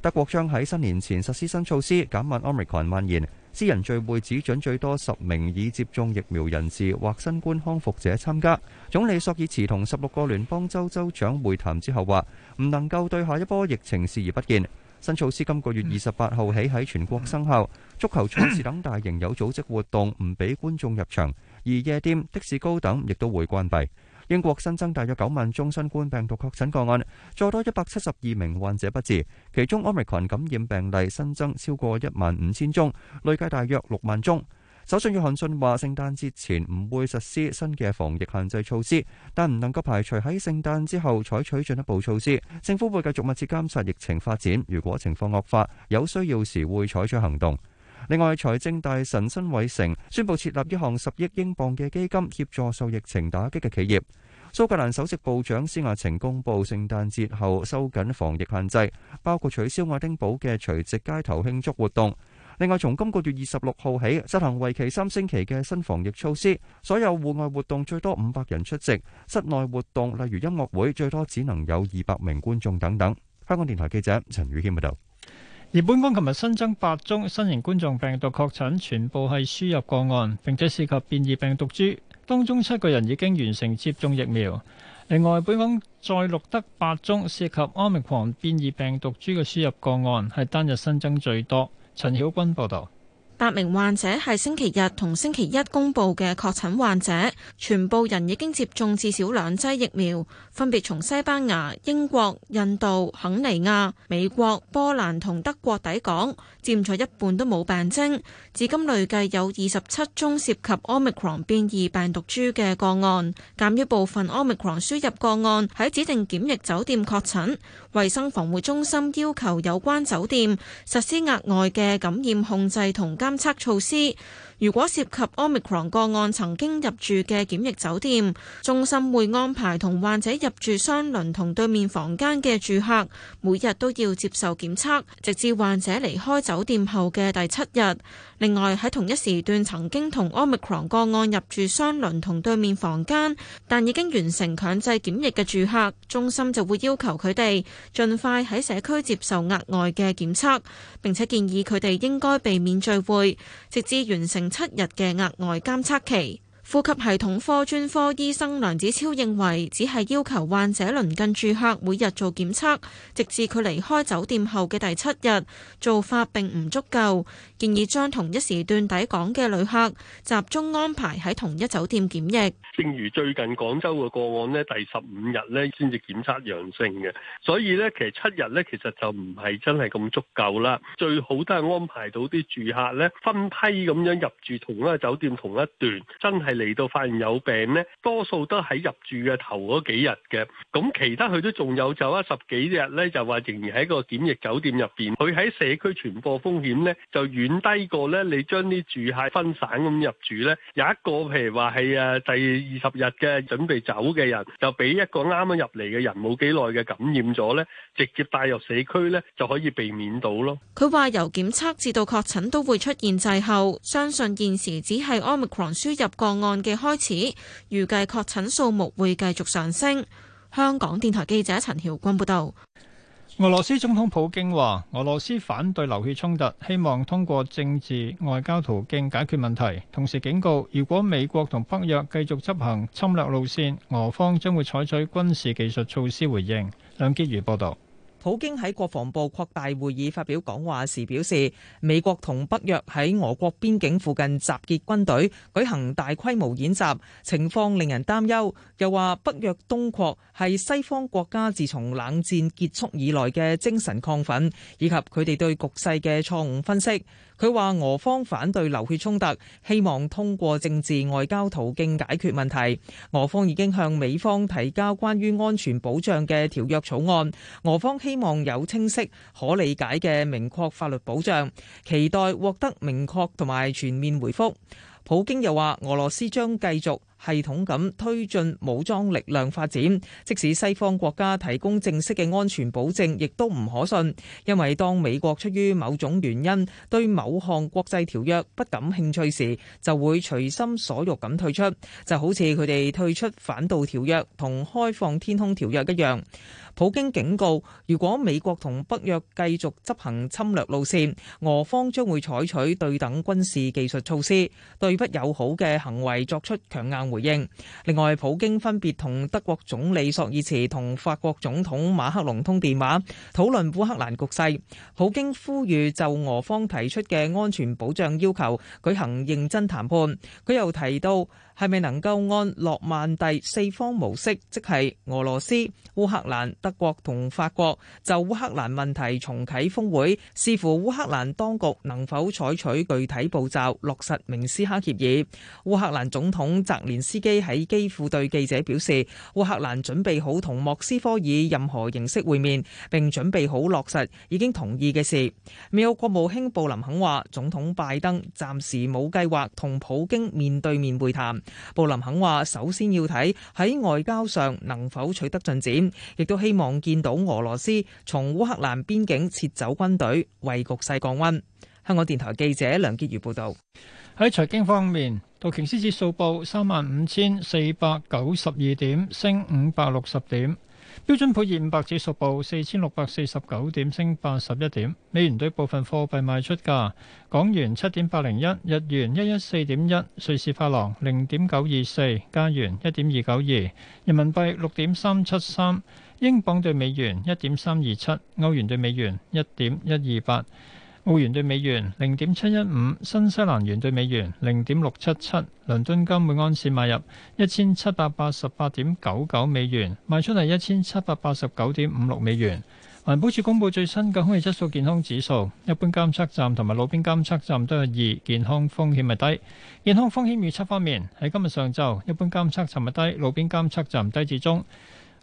德國將喺新年前實施新措施，減慢 Omicron 蔓延。私人聚會只准最多十名已接種疫苗人士或新冠康復者參加。總理索爾茨同十六個聯邦州州長會談之後話，唔能夠對下一波疫情視而不見。新措施今個月二十八號起喺全國生效，足球賽事等大型有組織活動唔俾觀眾入場，而夜店、的士高等亦都會關閉。英國新增大約九萬宗新冠病毒確診個案，再多一百七十二名患者不治，其中 Omicron 感染病例新增超過一萬五千宗，累計大約六萬宗。首相約翰遜話：聖誕節前唔會實施新嘅防疫限制措施，但唔能夠排除喺聖誕之後採取進一步措施。政府會繼續密切監察疫情發展，如果情況惡化，有需要時會採取行動。另外，財政大臣新偉成宣布設立一項十億英鎊嘅基金，協助受疫情打擊嘅企業。蘇格蘭首席部長施亞晴公布，聖誕節後收緊防疫限制，包括取消愛丁堡嘅除夕街頭慶祝活動。另外，從今個月二十六號起執行為期三星期嘅新防疫措施，所有戶外活動最多五百人出席，室內活動例如音樂會最多只能有二百名觀眾等等。香港電台記者陳宇軒報導。而本港琴日新增八宗新型冠狀病毒確診，全部係輸入個案，並且涉及變異病毒株。當中七個人已經完成接種疫苗。另外，本港再錄得八宗涉及 Omicron 變異病毒株嘅輸入個案，係單日新增最多。陳曉君報道，八名患者係星期日同星期一公布嘅確診患者，全部人已經接種至少兩劑疫苗，分別從西班牙、英國、印度、肯尼亞、美國、波蘭同德國抵港，佔咗一半都冇病徵。至今累計有二十七宗涉及 Omicron 變異病毒株嘅個案，鑒於部分 Omicron 輸入個案喺指定檢疫酒店確診。衛生防護中心要求有關酒店實施額外嘅感染控制同監測措施。如果涉及 omicron 個案曾經入住嘅檢疫酒店，中心會安排同患者入住相鄰同對面房間嘅住客，每日都要接受檢測，直至患者離開酒店後嘅第七日。另外喺同一時段曾經同 omicron 個案入住相鄰同對面房間，但已經完成強制檢疫嘅住客，中心就會要求佢哋盡快喺社區接受額外嘅檢測，並且建議佢哋應該避免聚會，直至完成。七日嘅額外監測期。呼吸系統科專科醫生梁子超認為，只係要求患者鄰近住客每日做檢測，直至佢離開酒店後嘅第七日，做法並唔足夠。建議將同一時段抵港嘅旅客集中安排喺同一酒店檢疫。正如最近廣州嘅個案咧，第十五日咧先至檢測陽性嘅，所以咧其實七日咧其實就唔係真係咁足夠啦。最好都係安排到啲住客咧分批咁樣入住同一個酒店同一段，真係。嚟到發現有病咧，多數都喺入住嘅頭嗰幾日嘅。咁其他佢都仲有就話十幾日咧，就話仍然喺個檢疫酒店入邊。佢喺社區傳播風險咧，就遠低過咧。你將啲住客分散咁入住咧，有一個譬如話係誒第二十日嘅準備走嘅人，就俾一個啱啱入嚟嘅人冇幾耐嘅感染咗咧，直接帶入社區咧就可以避免到咯。佢話由檢測至到確診都會出現滯後，相信現時只係 Omicron 輸入個案。案嘅開始，預計確診數目會繼續上升。香港電台記者陳曉君報導。俄羅斯總統普京話：俄羅斯反對流血衝突，希望通過政治外交途徑解決問題。同時警告，如果美國同北約繼續執行侵略路線，俄方將會採取軍事技術措施回應。梁潔如報道。普京喺國防部擴大會議發表講話時表示，美國同北約喺俄國邊境附近集結軍隊，舉行大規模演習，情況令人擔憂。又話北約東擴係西方國家自從冷戰結束以來嘅精神亢奮，以及佢哋對局勢嘅錯誤分析。佢話俄方反對流血衝突，希望通過政治外交途徑解決問題。俄方已經向美方提交關於安全保障嘅條約草案，俄方希望有清晰、可理解嘅明確法律保障，期待獲得明確同埋全面回覆。普京又話：俄羅斯將繼續系統咁推進武裝力量發展，即使西方國家提供正式嘅安全保證，亦都唔可信。因為當美國出於某種原因對某項國際條約不感興趣時，就會隨心所欲咁退出，就好似佢哋退出反導條約同開放天空條約一樣，普京警告，如果美國同北約繼續執行侵略路線，俄方將會採取對等軍事技術措施，對不友好嘅行為作出強硬。回應。另外，普京分別同德國總理索爾茨同法國總統馬克龍通電話，討論烏克蘭局勢。普京呼籲就俄方提出嘅安全保障要求舉行認真談判。佢又提到。係咪能夠按諾曼第四方模式，即係俄羅斯、烏克蘭、德國同法國就烏克蘭問題重啟峰會，視乎烏克蘭當局能否採取具體步驟落實明斯克協議。烏克蘭總統澤連斯基喺基輔對記者表示，烏克蘭準備好同莫斯科以任何形式會面，並準備好落實已經同意嘅事。美國國務卿布林肯話，總統拜登暫時冇計劃同普京面對面會談。布林肯話：首先要睇喺外交上能否取得進展，亦都希望見到俄羅斯從烏克蘭邊境撤走軍隊，為局勢降温。香港電台記者梁潔如報道。喺財經方面，道瓊斯指數報三萬五千四百九十二點，升五百六十點。標準普爾五百指數報四千六百四十九點，升八十一點。美元對部分貨幣賣出價：港元七點八零一，日元一一四點一，瑞士法郎零點九二四，加元一點二九二，人民幣六點三七三，英鎊對美元一點三二七，歐元對美元一點一二八。澳元兌美元零點七一五，新西蘭元兌美元零點六七七，倫敦金每盎司買入一千七百八十八點九九美元，賣出係一千七百八十九點五六美元。環保署公布最新嘅空氣質素健康指數，一般監測站同埋路邊監測站都係二，健康風險係低。健康風險預測方面，喺今日上晝一般監測站係低，路邊監測站低至中。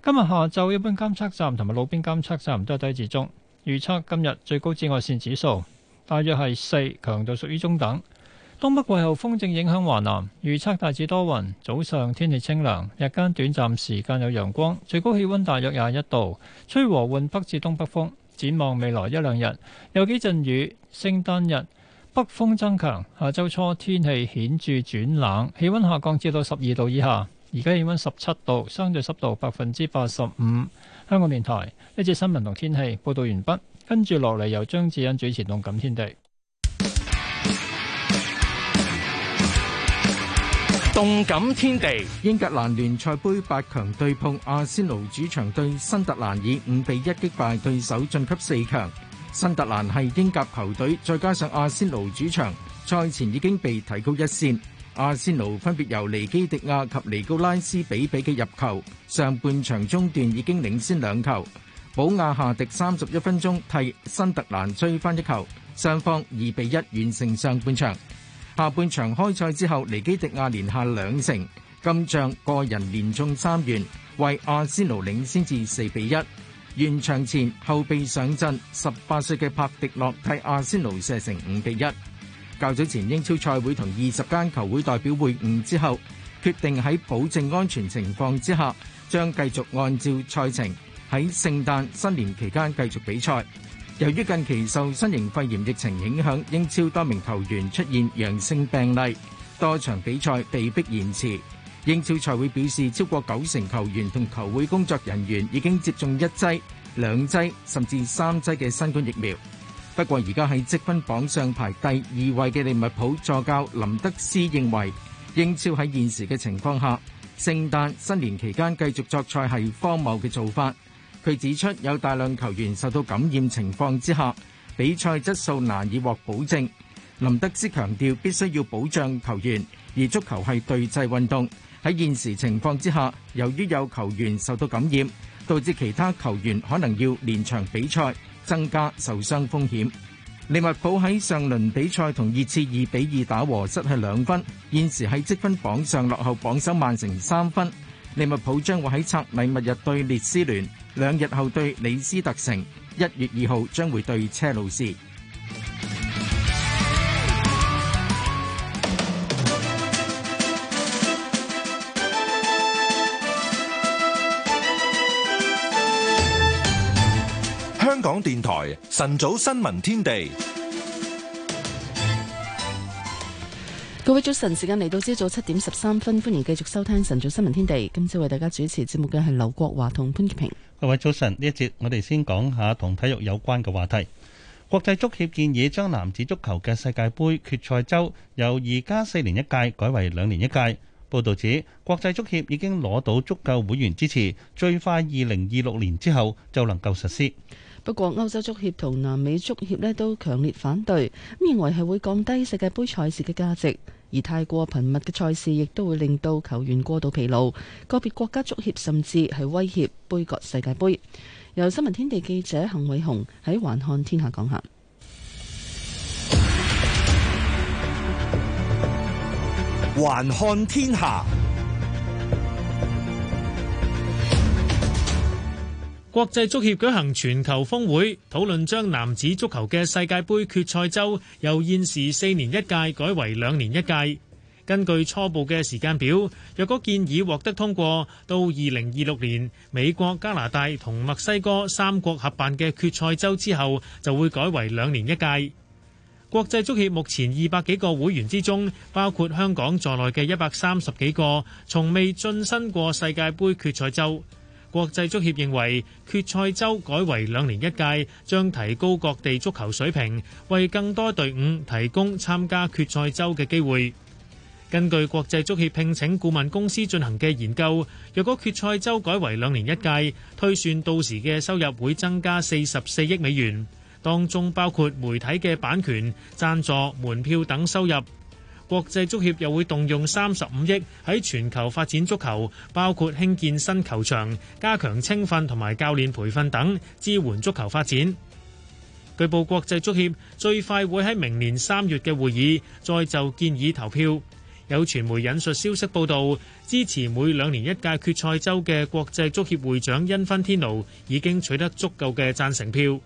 今日下晝一般監測站同埋路邊監測站都係低至中。預測今日最高紫外線指數。大約係四強度，屬於中等。東北季候風正影響華南，預測大致多雲，早上天氣清涼，日間短暫時間有陽光，最高氣溫大約廿一度，吹和緩北至東北風。展望未來一兩日有幾陣雨，聖誕日北風增強，下週初天氣顯著轉冷，氣溫下降至到十二度以下。而家氣溫十七度，相對濕度百分之八十五。香港電台呢節新聞同天氣報道完畢。跟住落嚟，由張智恩主持《動感天地》。動感天地，英格蘭聯賽盃八強對碰，阿仙奴主場對新特蘭以五比一擊敗對手晉級四強。新特蘭係英甲球隊，再加上阿仙奴主場，賽前已經被提高一線。阿仙奴分別由尼基迪亞及尼高拉斯比比嘅入球，上半場中段已經領先兩球。保亞下迪三十一分鐘替新特蘭追翻一球，雙方二比一完成上半場。下半場開賽之後，尼基迪亞連下兩城，今仗個人連中三元，為阿仙奴領先至四比一。完場前後備上陣，十八歲嘅帕迪諾替阿仙奴射成五比一。較早前英超賽會同二十間球會代表會晤之後，決定喺保證安全情況之下，將繼續按照賽程。喺聖誕新年期間繼續比賽。由於近期受新型肺炎疫情影響，英超多名球員出現陽性病例，多場比賽被迫延遲。英超賽會表示，超過九成球員同球會工作人員已經接種一劑、兩劑甚至三劑嘅新冠疫苗。不過而家喺積分榜上排第二位嘅利物浦助教林德斯認為，英超喺現時嘅情況下，聖誕新年期間繼續作賽係荒謬嘅做法。佢指出，有大量球員受到感染情況之下，比賽質素難以獲保證。林德斯強調必須要保障球員，而足球係對制運動。喺現時情況之下，由於有球員受到感染，導致其他球員可能要連場比賽，增加受傷風險。利物浦喺上輪比賽同熱刺二比二打和，失去兩分。現時喺積分榜上落後榜首曼城三分。利物浦將會喺拆禮物日對列斯聯，兩日後對里斯特城，一月二號將會對車路士。香港電台晨早新聞天地。各位早晨，時間嚟到朝早七點十三分，歡迎繼續收聽晨早新聞天地。今朝為大家主持節目嘅係劉國華同潘潔平。各位早晨，呢一節我哋先講下同體育有關嘅話題。國際足協建議將男子足球嘅世界杯決賽周由而家四年一屆改為兩年一屆。報道指，國際足協已經攞到足夠會員支持，最快二零二六年之後就能夠實施。不過歐洲足協同南美足協呢都強烈反對，咁認為係會降低世界杯賽事嘅價值，而太過頻密嘅賽事亦都會令到球員過度疲勞。個別國家足協甚至係威脅杯葛世界杯。由新聞天地記者幸偉雄喺《環看天下》講下，《環看天下》。國際足協舉行全球峰會，討論將男子足球嘅世界盃決賽周由現時四年一屆改為兩年一屆。根據初步嘅時間表，若果建議獲得通過，到二零二六年美國、加拿大同墨西哥三國合辦嘅決賽周之後，就會改為兩年一屆。國際足協目前二百幾個會員之中，包括香港在內嘅一百三十幾個，從未晉身過世界盃決賽周。國際足協認為，決賽周改為兩年一屆，將提高各地足球水平，為更多隊伍提供參加決賽周嘅機會。根據國際足協聘請顧問公司進行嘅研究，若果決賽周改為兩年一屆，推算到時嘅收入會增加四十四億美元，當中包括媒體嘅版權、讚助、門票等收入。國際足協又會動用三十五億喺全球發展足球，包括興建新球場、加強青訓同埋教練培訓等，支援足球發展。據報，國際足協最快會喺明年三月嘅會議再就建議投票。有傳媒引述消息報道，支持每兩年一屆決賽周嘅國際足協會長恩芬天奴已經取得足夠嘅贊成票。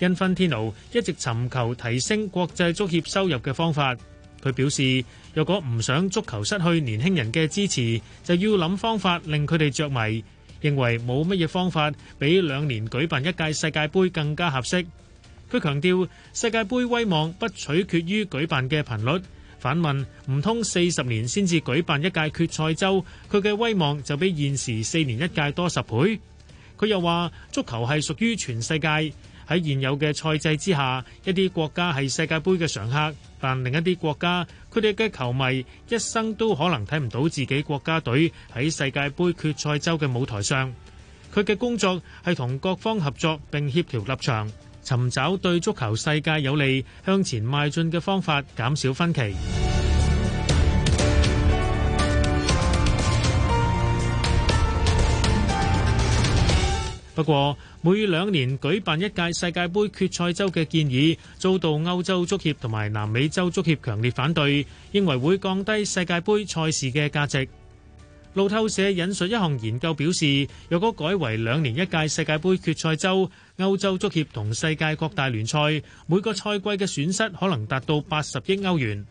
恩芬天奴一直尋求提升國際足協收入嘅方法。佢表示，若果唔想足球失去年輕人嘅支持，就要諗方法令佢哋着迷。認為冇乜嘢方法比兩年舉辦一屆世界盃更加合適。佢強調世界盃威望不取決於舉辦嘅頻率。反問唔通四十年先至舉辦一屆決賽周，佢嘅威望就比現時四年一屆多十倍？佢又話足球係屬於全世界。喺現有嘅賽制之下，一啲國家係世界盃嘅常客，但另一啲國家，佢哋嘅球迷一生都可能睇唔到自己國家隊喺世界盃決賽周嘅舞台上。佢嘅工作係同各方合作並協調立場，尋找對足球世界有利、向前邁進嘅方法，減少分歧。不過，每兩年舉辦一屆世界盃決賽周嘅建議遭到歐洲足協同埋南美洲足協強烈反對，認為會降低世界盃賽事嘅價值。路透社引述一項研究表示，若果改為兩年一屆世界盃決賽周，歐洲足協同世界各大聯賽每個賽季嘅損失可能達到八十億歐元。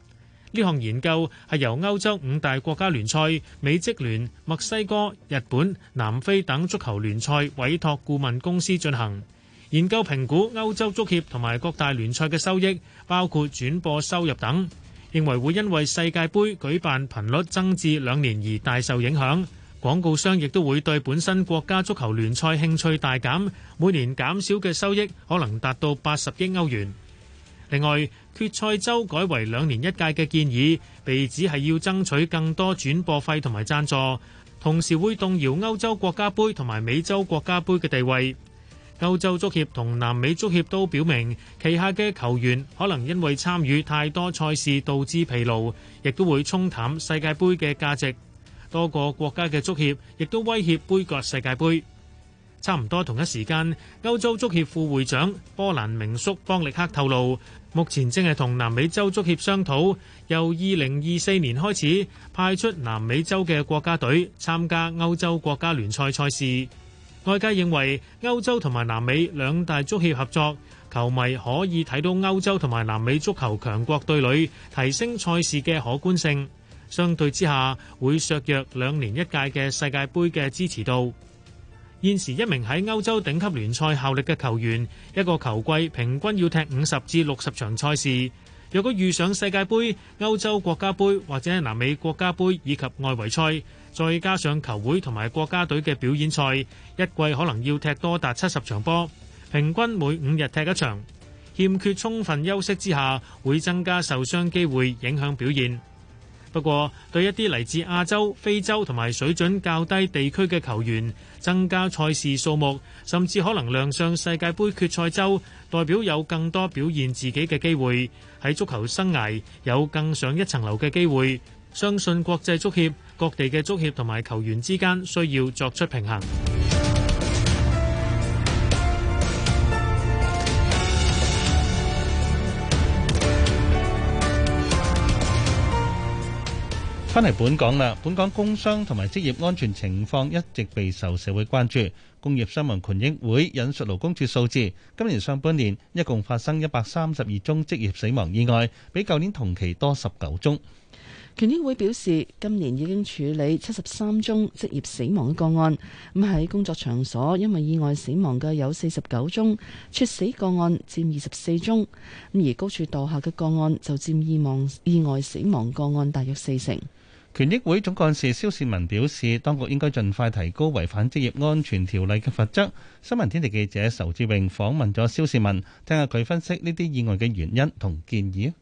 呢項研究係由歐洲五大國家聯賽、美職聯、墨西哥、日本、南非等足球聯賽委託顧問公司進行研究評估，歐洲足協同埋各大聯賽嘅收益，包括轉播收入等，認為會因為世界杯舉辦頻率增至兩年而大受影響，廣告商亦都會對本身國家足球聯賽興趣大減，每年減少嘅收益可能達到八十億歐元。另外，決賽週改為兩年一屆嘅建議，被指係要爭取更多轉播費同埋贊助，同時會動搖歐洲國家杯同埋美洲國家杯嘅地位。歐洲足協同南美足協都表明，旗下嘅球員可能因為參與太多賽事導致疲勞，亦都會沖淡世界盃嘅價值。多個國家嘅足協亦都威脅杯葛世界盃。差唔多同一時間，歐洲足協副會長波蘭名宿邦力克透露，目前正係同南美洲足協商討，由二零二四年開始派出南美洲嘅國家隊參加歐洲國家聯賽賽事。外界認為歐洲同埋南美兩大足協合作，球迷可以睇到歐洲同埋南美足球強國對壘，提升賽事嘅可觀性。相對之下，會削弱兩年一屆嘅世界盃嘅支持度。現時一名喺歐洲頂級聯賽效力嘅球員，一個球季平均要踢五十至六十場賽事。若果遇上世界盃、歐洲國家盃或者南美國家盃以及外圍賽，再加上球會同埋國家隊嘅表演賽，一季可能要踢多達七十場波，平均每五日踢一場。欠缺充分休息之下，會增加受傷機會，影響表現。不過，對一啲嚟自亞洲、非洲同埋水準較低地區嘅球員，增加賽事數目，甚至可能亮相世界盃決賽周，代表有更多表現自己嘅機會，喺足球生涯有更上一層樓嘅機會。相信國際足協、各地嘅足協同埋球員之間需要作出平衡。返嚟本港啦。本港工傷同埋職業安全情況一直備受社會關注。工業傷亡權益會引述勞工處數字，今年上半年一共發生一百三十二宗職業死亡意外，比舊年同期多十九宗。權益會表示，今年已經處理七十三宗職業死亡嘅個案。咁喺工作場所因為意外死亡嘅有四十九宗，猝死個案，佔二十四宗。咁而高處墮下嘅個案就佔意外意外死亡個案大約四成。權益會總幹事蕭士文表示，當局應該盡快提高違反職業安全條例嘅罰則。新聞天地記者仇志榮訪問咗蕭士文，聽下佢分析呢啲意外嘅原因同建議啊。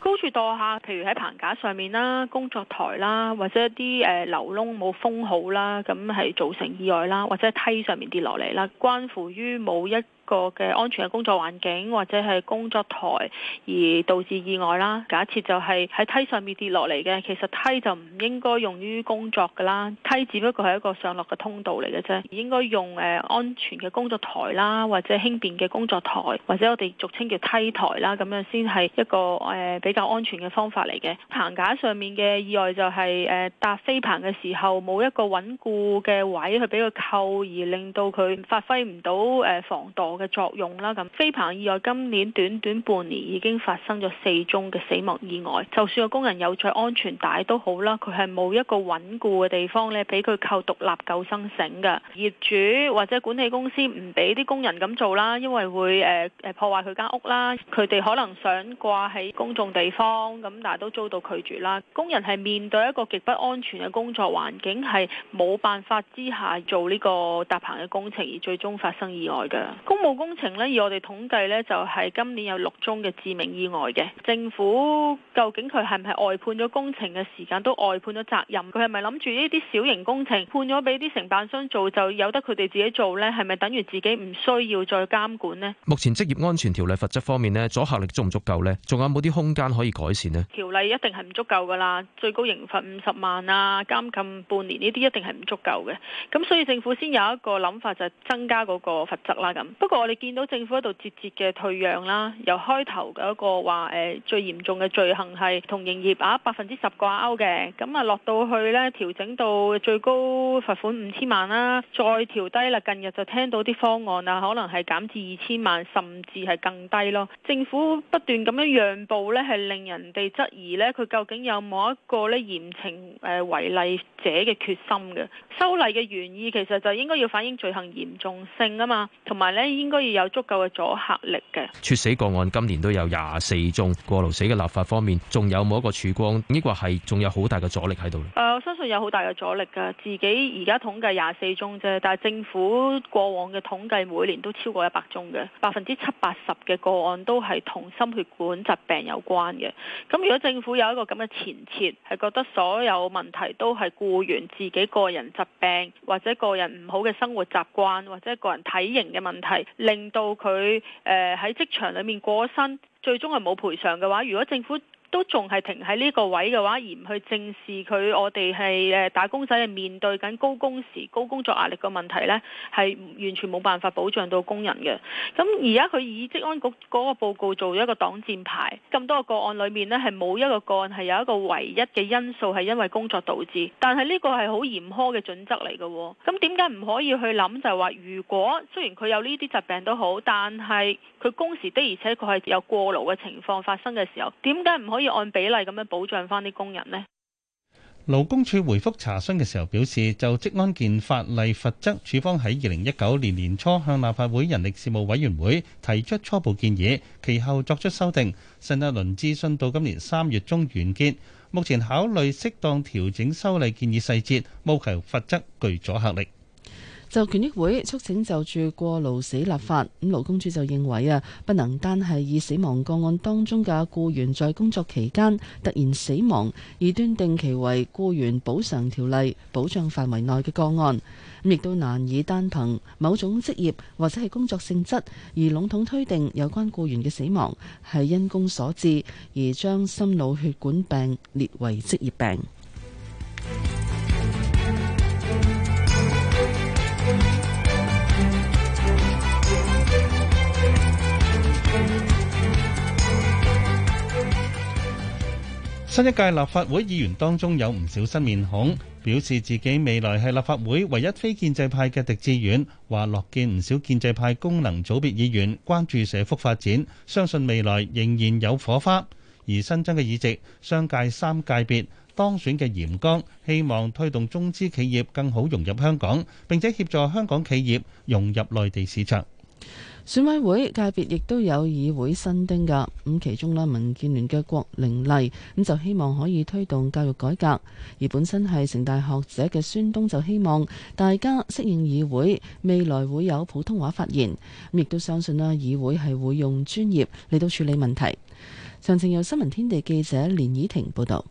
高處墮下，譬如喺棚架上面啦、工作台啦，或者一啲誒漏窿冇封好啦，咁係造成意外啦，或者梯上面跌落嚟啦。關乎於冇一個嘅安全嘅工作環境或者係工作台而導致意外啦。假設就係喺梯上面跌落嚟嘅，其實梯就唔應該用於工作㗎啦。梯只不過係一個上落嘅通道嚟嘅啫，應該用誒安全嘅工作台啦，或者輕便嘅工作台，或者我哋俗稱叫梯台啦，咁樣先係一個誒、呃、比較安全嘅方法嚟嘅。棚架上面嘅意外就係、是、誒、呃、搭飛棚嘅時候冇一個穩固嘅位去俾佢扣，而令到佢發揮唔到誒防盜嘅作用啦，咁飛棚意外今年短短半年已經發生咗四宗嘅死亡意外。就算個工人有着安全帶都好啦，佢係冇一個穩固嘅地方咧，俾佢靠獨立救生繩嘅業主或者管理公司唔俾啲工人咁做啦，因為會誒誒、呃呃、破壞佢間屋啦。佢哋可能想掛喺公眾地方咁，但係都遭到拒絕啦。工人係面對一個極不安全嘅工作環境，係冇辦法之下做呢個搭棚嘅工程，而最終發生意外嘅工程呢，以我哋統計呢，就係今年有六宗嘅致命意外嘅。政府究竟佢係唔係外判咗工程嘅時間，都外判咗責任？佢係咪諗住呢啲小型工程判咗俾啲承辦商做，就由得佢哋自己做呢？係咪等於自己唔需要再監管呢？目前職業安全條例罰則方面呢，阻嚇力足唔足夠呢？仲有冇啲空間可以改善呢？條例一定係唔足夠噶啦，最高刑罰五十萬啊，監禁半年呢啲一定係唔足夠嘅。咁所以政府先有一個諗法就係增加嗰個罰則啦。咁不過。嗯、我哋見到政府喺度節節嘅退讓啦，由開頭嘅一個話誒、哎、最嚴重嘅罪行係同營業額百分之十掛鈎嘅，咁啊落到去呢，調整到最高罰款五千萬啦，再調低啦，近日就聽到啲方案啊，可能係減至二千萬，甚至係更低咯。政府不斷咁樣讓步呢，係令人哋質疑呢，佢究竟有冇一個呢嚴懲誒違例者嘅決心嘅？修例嘅原意其實就應該要反映罪行嚴重性啊嘛，同埋呢。應該要有足夠嘅阻嚇力嘅。猝死個案今年都有廿四宗，過勞死嘅立法方面，仲有冇一個曙光？呢個係仲有好大嘅阻力喺度咧？誒、呃，我相信有好大嘅阻力噶。自己計而家統計廿四宗啫，但係政府過往嘅統計每年都超過一百宗嘅，百分之七八十嘅個案都係同心血管疾病有關嘅。咁如果政府有一個咁嘅前設，係覺得所有問題都係僱員自己個人疾病或者個人唔好嘅生活習慣或者個人體型嘅問題。令到佢誒喺職場裏面過身，最終係冇賠償嘅話，如果政府，都仲係停喺呢個位嘅話，而唔去正視佢，我哋係誒打工仔係面對緊高工時、高工作壓力嘅問題咧，係完全冇辦法保障到工人嘅。咁而家佢以職安局嗰個報告做咗一個擋箭牌，咁多個個案裏面咧係冇一個個案係有一個唯一嘅因素係因為工作導致。但係呢個係好嚴苛嘅準則嚟嘅，咁點解唔可以去諗就係話，如果雖然佢有呢啲疾病都好，但係佢工時的而且確係有過勞嘅情況發生嘅時候，點解唔可？可以按比例咁樣保障翻啲工人呢？勞工處回復查詢嘅時候表示，就職安健法例罰則，處方喺二零一九年年初向立法會人力事務委員會提出初步建議，其後作出修訂，新一輪諮詢到今年三月中完結，目前考慮適當調整修例建議細節，務求罰則具阻嚇力。就權益會促請就住過勞死立法，咁勞工處就認為啊，不能單係以死亡個案當中嘅僱員在工作期間突然死亡而斷定其為僱員補償條例保障範圍內嘅個案，咁亦都難以單憑某種職業或者係工作性質而籠統推定有關僱員嘅死亡係因公所致，而將心腦血管病列為職業病。新一屆立法會議員當中有唔少新面孔，表示自己未來係立法會唯一非建制派嘅狄志遠，話樂見唔少建制派功能組別議員關注社福發展，相信未來仍然有火花。而新增嘅議席，商界三界別當選嘅嚴剛希望推動中資企業更好融入香港，並且協助香港企業融入內地市場。選委會界別亦都有議會新丁噶，咁其中啦，民建聯嘅郭玲麗咁就希望可以推動教育改革，而本身係成大學者嘅孫東就希望大家適應議會，未來會有普通話發言，咁亦都相信啦，議會係會用專業嚟到處理問題。詳情由新聞天地記者連以婷報道。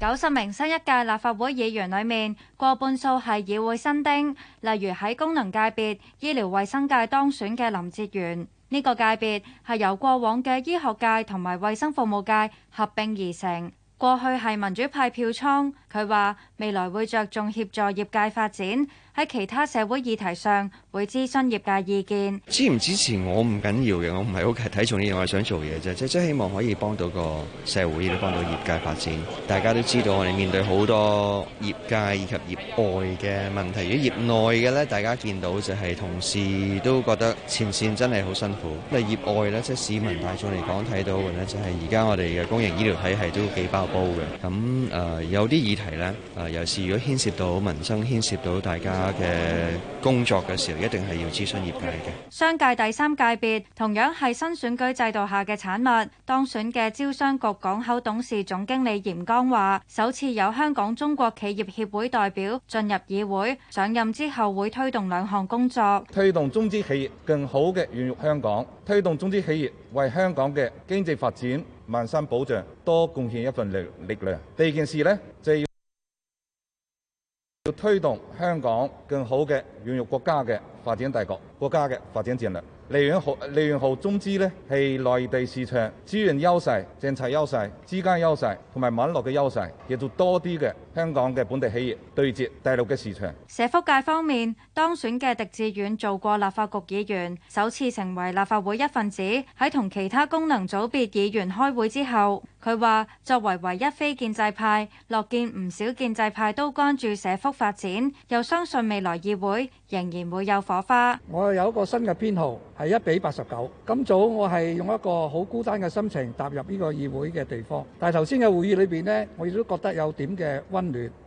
九十名新一屆立法會議員裏面，過半數係議會新丁。例如喺功能界別醫療衛生界當選嘅林哲玄，呢、呢個界別係由過往嘅醫學界同埋衛生服務界合併而成。過去係民主派票倉，佢話未來會着重協助業界發展。喺其他社會議題上會諮詢業界意見，支唔支持我唔緊要嘅，我唔係好睇重呢樣，我係想做嘢啫，即係希望可以幫到個社會，幫到業界發展。大家都知道我哋面對好多業界以及業外嘅問題，如果業內嘅咧，大家見到就係同事都覺得前線真係好辛苦。咁啊業外咧，即係市民大眾嚟講睇到嘅呢就係而家我哋嘅公營醫療體系都幾爆煲嘅。咁啊有啲議題咧啊尤其係如果牽涉到民生，牽涉到大家，嘅工作嘅時候，一定係要諮詢業界嘅。商界第三界別同樣係新選舉制度下嘅產物。當選嘅招商局港口董事總經理嚴江話，首次有香港中國企業協會代表進入議會，上任之後會推動兩項工作。推動中資企業更好嘅融入香港，推動中資企業為香港嘅經濟發展、民生保障多貢獻一份力力量。第二件事咧，就要。推動香港更好嘅融入國家嘅發展大局，國家嘅發展戰略，利用好利用好中資咧，係內地市場資源優勢、政策優勢、資金優勢同埋網絡嘅優勢，亦做多啲嘅。香港嘅本地企業對接大陸嘅市場。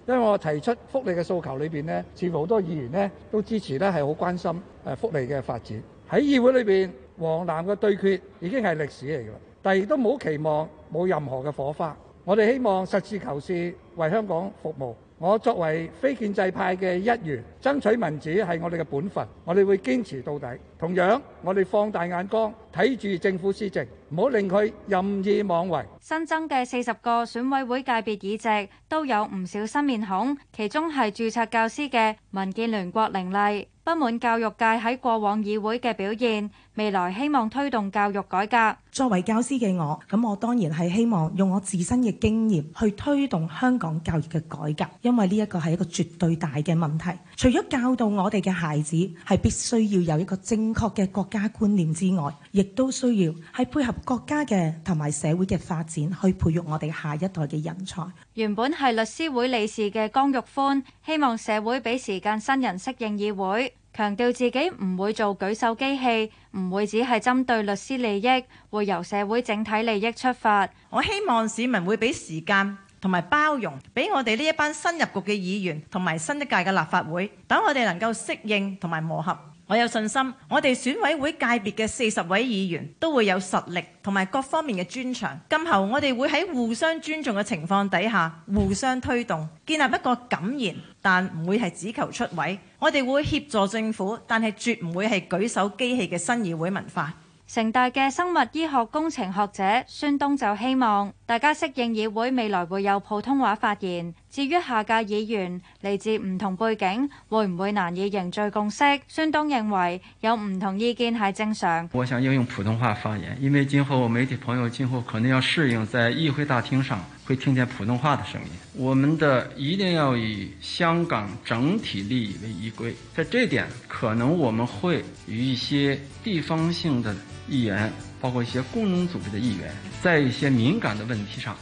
因為我提出福利嘅訴求裏邊咧，似乎好多議員咧都支持咧，係好關心誒福利嘅發展喺議會裏邊，黃藍嘅對決已經係歷史嚟㗎，但係亦都冇期望冇任何嘅火花。我哋希望實事求是為香港服務。我作為非建制派嘅一員，爭取民主係我哋嘅本分，我哋會堅持到底。同樣。我哋放大眼光睇住政府施政，唔好令佢任意妄為。新增嘅四十個選委會界別議席都有唔少新面孔，其中係註冊教師嘅民建聯郭玲麗，不滿教育界喺過往議會嘅表現，未來希望推動教育改革。作為教師嘅我，咁我當然係希望用我自身嘅經驗去推動香港教育嘅改革，因為呢一個係一個絕對大嘅問題。除咗教導我哋嘅孩子係必須要有一個正確嘅國家觀念之外，亦都需要係配合國家嘅同埋社會嘅發展去培育我哋下一代嘅人才。原本係律師會理事嘅江玉歡希望社會俾時間新人適應議會，強調自己唔會做舉手機器，唔會只係針對律師利益，會由社會整體利益出發。我希望市民會俾時間。同埋包容，俾我哋呢一班新入局嘅議員，同埋新一屆嘅立法會等我哋能夠適應同埋磨合。我有信心，我哋選委會界別嘅四十位議員都會有實力同埋各方面嘅專長，今後我哋會喺互相尊重嘅情況底下，互相推動建立一個敢言，但唔會係只求出位。我哋會協助政府，但係絕唔會係舉手機器嘅新議會文化。城大嘅生物醫學工程學者孫東就希望大家適應，議會未來會有普通話發言。至於下屆議員嚟自唔同背景，會唔會難以凝聚共識？孫東認為有唔同意見係正常。我想應用普通話發言，因為今後媒體朋友今後可能要適應，在議會大廳上會聽見普通話的聲音。我們的一定要以香港整體利益為依歸，在這點可能我們會與一些地方性的議員，包括一些功能組織的議員，在一些敏感的問題上。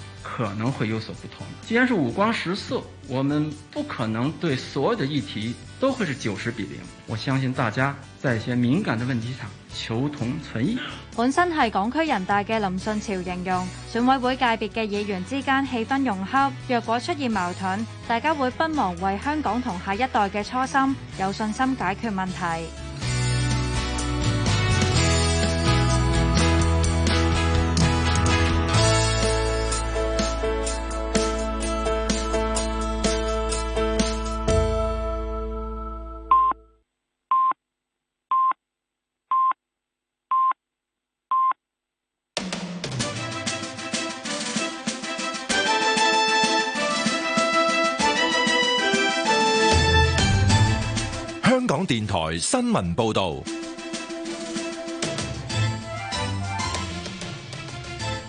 可能會有所不同。既然是五光十色，我們不可能對所有的議題都會是九十比零。我相信大家在一些敏感的問題上求同存異。本身係港區人大嘅林順潮形容，選委會界別嘅議員之間氣氛融洽，若果出現矛盾，大家會不忘為香港同下一代嘅初心，有信心解決問題。台新聞報道，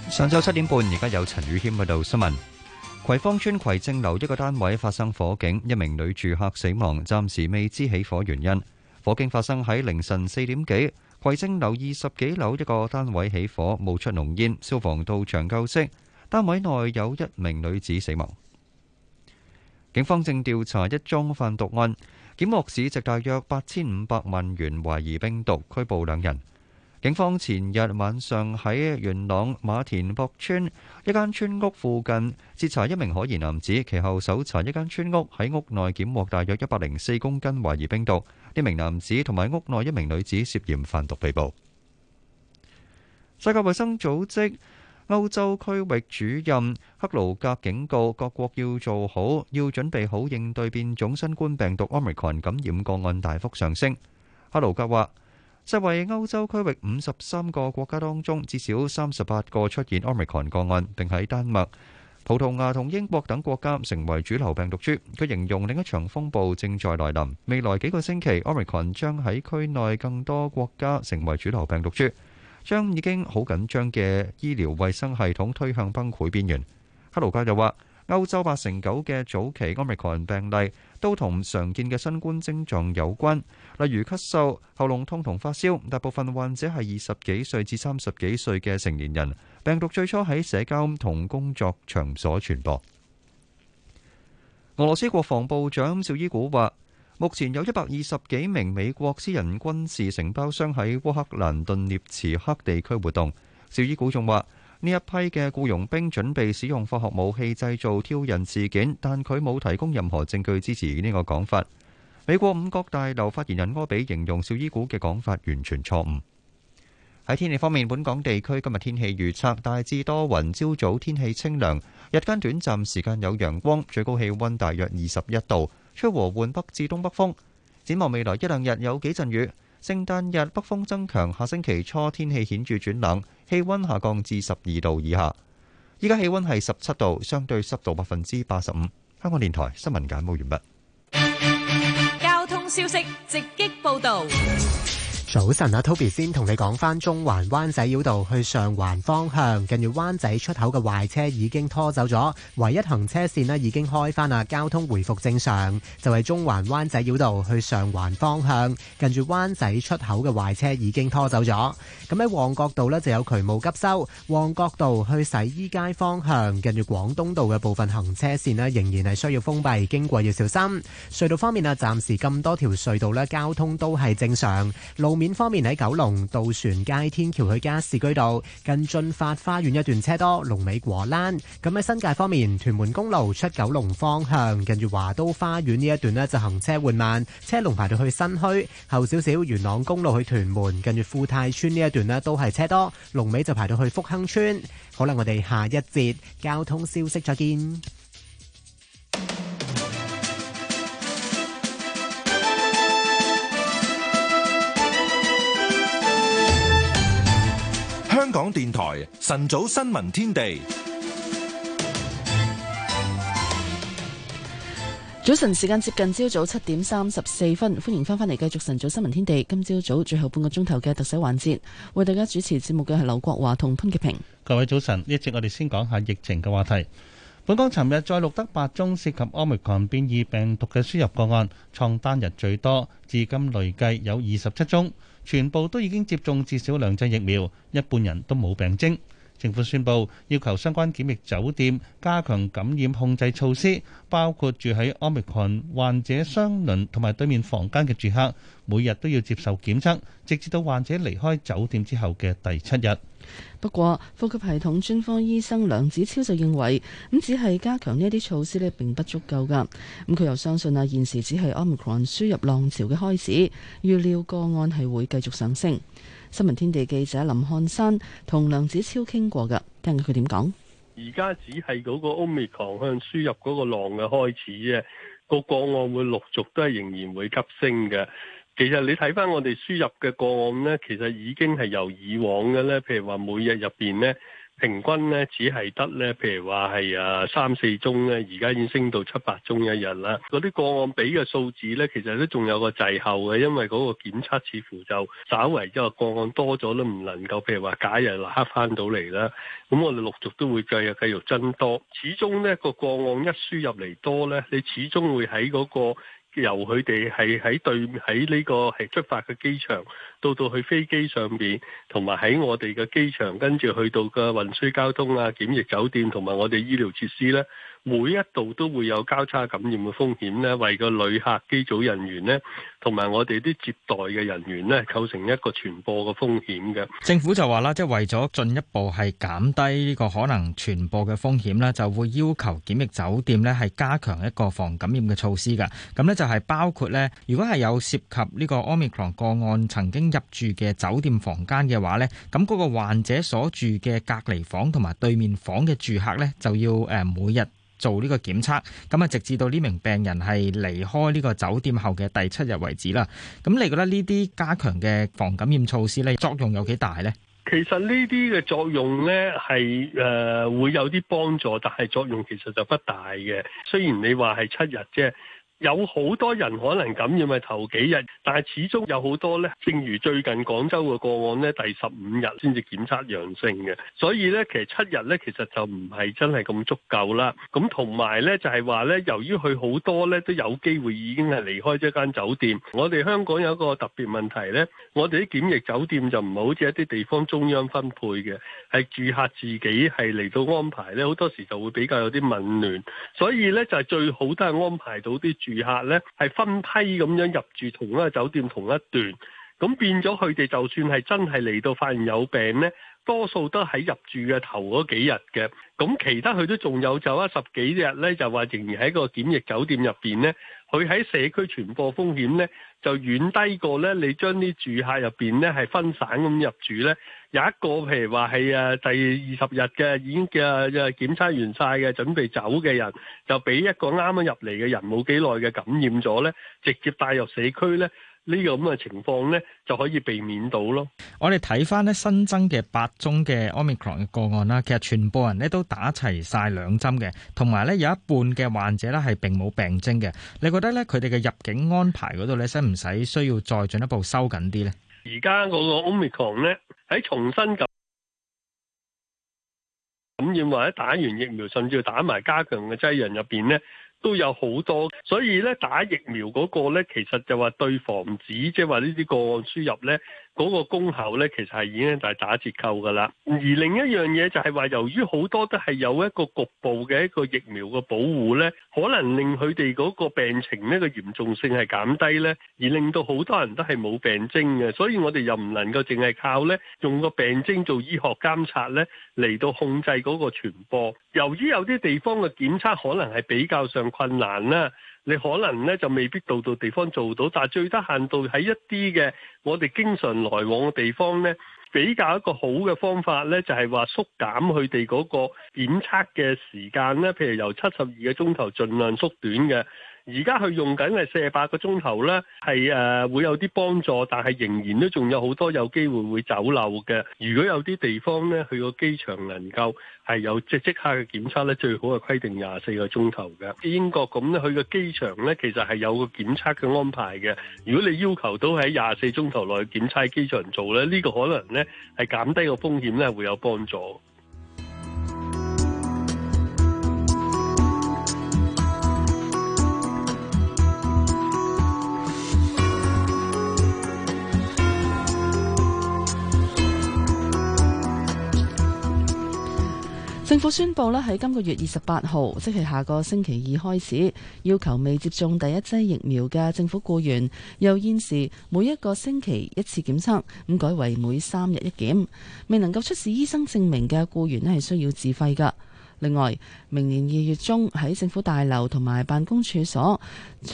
上晝七點半，而家有陳宇謙喺度。新聞：葵芳村葵葵正樓一個單位發生火警，一名女住客死亡，暫時未知起火原因。火警發生喺凌晨四點幾，葵正樓二十幾樓一個單位起火，冒出濃煙，消防到場救熄。單位內有一名女子死亡。警方正調查一宗販毒案。檢獲市值大約八千五百萬元懷疑冰毒，拘捕兩人。警方前日晚上喺元朗馬田博村一間村屋附近截查一名可疑男子，其後搜查一間村屋，喺屋內檢獲大約一百零四公斤懷疑冰毒。呢名男子同埋屋內一名女子涉嫌販毒被捕。世界衛生組織。歐洲區域主任克魯格警告各國要做好，要準備好應對變種新冠病毒奧密克戎感染個案大幅上升。克魯格話，世衞歐洲區域五十三個國家當中，至少三十八個出現奧密克戎個案，並喺丹麥、葡萄牙同英國等國家成為主流病毒株。佢形容另一場風暴正在來臨，未來幾個星期奧密克戎將喺區內更多國家成為主流病毒株。將已經好緊張嘅醫療衛生系統推向崩潰邊緣。克魯格又話，歐洲八成九嘅早期 omicron 病例都同常見嘅新冠症狀有關，例如咳嗽、喉嚨痛同發燒。大部分患者係二十幾歲至三十幾歲嘅成年人。病毒最初喺社交同工作場所傳播。俄羅斯國防部長紹伊古話。目前有一百二十幾名美國私人軍事承包商喺烏克蘭頓涅茨克地區活動。紹伊古仲話：呢一批嘅僱傭兵準備使用化學武器製造挑釁事件，但佢冇提供任何證據支持呢個講法。美國五角大樓發言人柯比形容紹伊古嘅講法完全錯誤。喺天氣方面，本港地區今日天氣預測大致多雲，朝早天氣清涼，日間短暫時間有陽光，最高氣溫大約二十一度。吹和緩北至東北風，展望未來一兩日有幾陣雨。聖誕日北風增強，下星期初天氣顯著轉冷，氣溫下降至十二度以下。依家氣溫係十七度，相對濕度百分之八十五。香港電台新聞簡報完畢。交通消息直擊報道。早晨啊，Toby 先同你講翻中環灣仔繞道去上環方向，近住灣仔出口嘅壞車已經拖走咗，唯一行車線呢已經開翻啦，交通回復正常。就係中環灣仔繞道去上環方向，近住灣仔出口嘅壞車已經拖走咗。咁喺旺角道呢就有渠務急修，旺角道去洗衣街方向，近住廣東道嘅部分行車線呢仍然係需要封閉，經過要小心。隧道方面啊，暫時咁多條隧道呢交通都係正常，路方面喺九龍渡船街天橋去加士居道，近駿發花園一段車多，龍尾果欄。咁喺新界方面，屯門公路出九龍方向，近住華都花園呢一段咧，就行車緩慢，車龍排到去新墟後少少。元朗公路去屯門，近住富泰村呢一段咧，都係車多，龍尾就排到去福亨村。好啦，我哋下一節交通消息再見。香港電台晨早新聞天地。早晨時間接近朝早七點三十四分，歡迎翻返嚟繼續晨早新聞天地。今朝早最後半個鐘頭嘅特首環節，為大家主持節目嘅係劉國華同潘潔平。各位早晨，一節我哋先講下疫情嘅話題。本港尋日再錄得八宗涉及奧密克戎變異病毒嘅輸入個案，創單日最多，至今累計有二十七宗。全部都已經接種至少兩劑疫苗，一半人都冇病徵。政府宣布要求相關檢疫酒店加強感染控制措施，包括住喺奧密克戎患者雙鄰同埋對面房間嘅住客，每日都要接受檢測，直至到患者離開酒店之後嘅第七日。不過呼吸系統專科醫生梁子超就認為，咁只係加強呢一啲措施咧，並不足夠噶。咁佢又相信啊，現時只係 Omicron 輸入浪潮嘅開始，預料個案係會繼續上升。新聞天地記者林漢山同梁子超傾過噶，聽佢點講。而家只係嗰個 Omicron 向輸入嗰個浪嘅開始啫，個個案會陸續都係仍然會急升嘅。其實你睇翻我哋輸入嘅個案呢，其實已經係由以往嘅呢，譬如話每日入邊呢，平均呢只係得呢，譬如話係啊三四宗呢，而家已經升到七八宗一日啦。嗰啲個案比嘅數字呢，其實都仲有個滯後嘅，因為嗰個檢測似乎就稍為即係個案多咗都唔能夠，譬如話假日立刻翻到嚟啦。咁我哋陸續都會繼續繼續增多。始終呢個個案一輸入嚟多呢，你始終會喺嗰個。由佢哋係喺對喺呢個係出發嘅機場，到到去飛機上邊，同埋喺我哋嘅機場，跟住去到個運輸交通啊、檢疫酒店同埋我哋醫療設施呢，每一度都會有交叉感染嘅風險呢，為個旅客、機組人員呢。同埋我哋啲接待嘅人員咧，構成一個傳播嘅風險嘅。政府就話啦，即係為咗進一步係減低呢個可能傳播嘅風險咧，就會要求檢疫酒店咧係加強一個防感染嘅措施㗎。咁呢就係包括呢，如果係有涉及呢個 Omicron 個案曾經入住嘅酒店房間嘅話呢，咁嗰個患者所住嘅隔離房同埋對面房嘅住客呢，就要誒每日，做呢個檢測，咁啊直至到呢名病人係離開呢個酒店後嘅第七日為止啦。咁你覺得呢啲加強嘅防感染措施呢，作用有幾大呢？其實呢啲嘅作用呢係誒、呃、會有啲幫助，但係作用其實就不大嘅。雖然你話係七日啫。有好多人可能感染咪頭幾日，但係始終有好多咧。正如最近廣州嘅個案咧，第十五日先至檢測陽性嘅，所以咧其實七日咧其實就唔係真係咁足夠啦。咁同埋咧就係話咧，由於佢好多咧都有機會已經係離開咗間酒店，我哋香港有一個特別問題咧，我哋啲檢疫酒店就唔係好似一啲地方中央分配嘅，係住客自己係嚟到安排咧，好多時就會比較有啲紊亂，所以咧就係最好都係安排到啲住。旅客咧係分批咁樣入住同一個酒店，同一段，咁變咗佢哋就算係真係嚟到發現有病咧。 多數都喺入住嘅頭嗰幾日嘅，咁其他佢都仲有就話十幾日咧，就話仍然喺個檢疫酒店入邊咧，佢喺社區傳播風險咧就遠低過咧，你將啲住客入邊咧係分散咁入住咧，有一個譬如話係啊第二十日嘅已經嘅嘅檢測完晒嘅準備走嘅人，就俾一個啱啱入嚟嘅人冇幾耐嘅感染咗咧，直接帶入社區咧。呢個咁嘅情況咧，就可以避免到咯。我哋睇翻咧新增嘅八宗嘅 Omicron 嘅個案啦，其實全部人咧都打齊晒兩針嘅，同埋咧有一半嘅患者咧係並冇病徵嘅。你覺得咧佢哋嘅入境安排嗰度咧使唔使需要再進一步收緊啲咧？而家嗰個 Omicron 咧喺重新感染，或者打完疫苗甚至打埋加強嘅劑量入邊咧。都有好多，所以咧打疫苗嗰個咧，其實就話對防止即係話呢啲個案輸入咧。嗰個功效咧，其實係已經就係打折扣噶啦。而另一樣嘢就係話，由於好多都係有一個局部嘅一個疫苗嘅保護咧，可能令佢哋嗰個病情呢個嚴重性係減低咧，而令到好多人都係冇病徵嘅。所以我哋又唔能夠淨係靠咧用個病徵做醫學監察咧嚟到控制嗰個傳播。由於有啲地方嘅檢測可能係比較上困難啦。你可能咧就未必到到地方做到，但係最得限度喺一啲嘅我哋經常來往嘅地方咧，比較一個好嘅方法咧，就係話縮減佢哋嗰個檢測嘅時間咧，譬如由七十二個鐘頭盡量縮短嘅。而家佢用緊係四十八個鐘頭呢，係誒、呃、會有啲幫助，但係仍然都仲有好多有機會會走漏嘅。如果有啲地方呢，佢個機場能夠係有即即刻嘅檢測呢，最好係規定廿四個鐘頭嘅。英國咁呢，佢個機場呢，其實係有個檢測嘅安排嘅。如果你要求都喺廿四鐘頭內檢測機場做呢，呢個可能呢係減低個風險呢會有幫助。政府宣布呢，喺今個月二十八號，即係下個星期二開始，要求未接種第一劑疫苗嘅政府僱員，由現時每一個星期一次檢測，咁改為每三日一檢。未能夠出示醫生證明嘅僱員呢，係需要自費㗎。另外，明年二月中喺政府大樓同埋辦公處所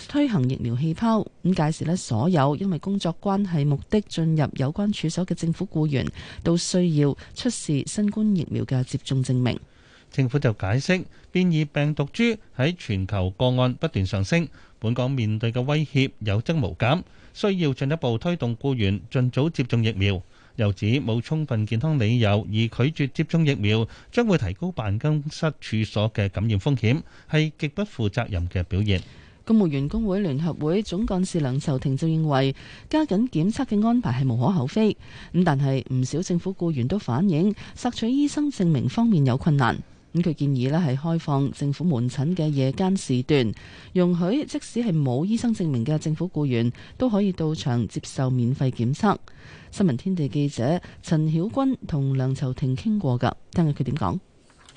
推行疫苗氣泡，咁屆時咧，所有因為工作關係目的進入有關處所嘅政府僱員，都需要出示新冠疫苗嘅接種證明。政府就解釋，變異病毒株喺全球個案不斷上升，本港面對嘅威脅有增無減，需要進一步推動僱員盡早接種疫苗。又指冇充分健康理由而拒絕接種疫苗，將會提高辦公室處所嘅感染風險，係極不負責任嘅表現。公務員工會聯合會總幹事梁秀婷就認為，加緊檢測嘅安排係無可厚非。咁但係唔少政府雇員都反映，索取醫生證明方面有困難。咁佢建議呢係開放政府門診嘅夜間時段，容許即使係冇醫生證明嘅政府雇員都可以到場接受免費檢測。新聞天地記者陳曉君同梁秋婷傾過㗎，聽下佢點講。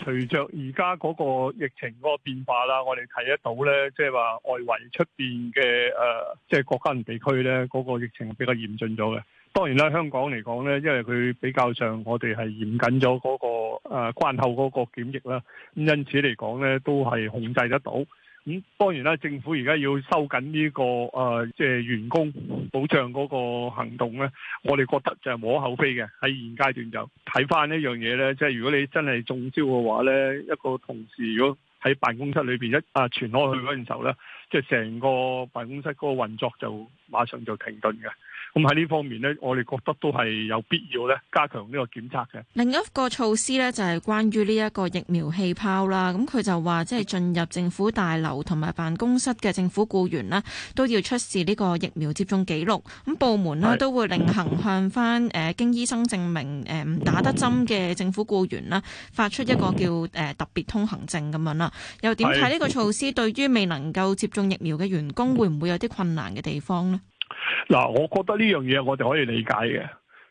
隨着而家嗰個疫情嗰個變化啦，我哋睇得到呢，即係話外圍出邊嘅誒，即、呃、係、就是、國家同地區呢，嗰個疫情比較嚴峻咗嘅。當然啦，香港嚟講呢，因為佢比較上我哋係嚴謹咗嗰個誒、呃、關口嗰個檢疫啦，咁因此嚟講呢都係控制得到。咁、嗯、當然啦，政府而家要收緊呢、這個誒即係員工保障嗰個行動呢，我哋覺得就係無可厚非嘅。喺現階段就睇翻呢樣嘢呢，即、就、係、是、如果你真係中招嘅話呢，一個同事如果喺辦公室裏邊一啊傳開去嗰陣時候呢，即係成個辦公室嗰個運作就馬上就停頓嘅。咁喺呢方面呢，我哋覺得都係有必要咧加強呢個檢測嘅。另一個措施呢，就係、是、關於呢一個疫苗氣泡啦。咁佢就話即係進入政府大樓同埋辦公室嘅政府雇員啦，都要出示呢個疫苗接種記錄，咁部門咧都會另行向翻誒、呃，經醫生證明誒唔、呃、打得針嘅政府雇員啦，發出一個叫誒、呃、特別通行證咁樣啦。又點睇呢個措施是對於未能夠接種疫苗嘅員工會唔會有啲困難嘅地方呢？嗱，我覺得呢樣嘢我哋可以理解嘅。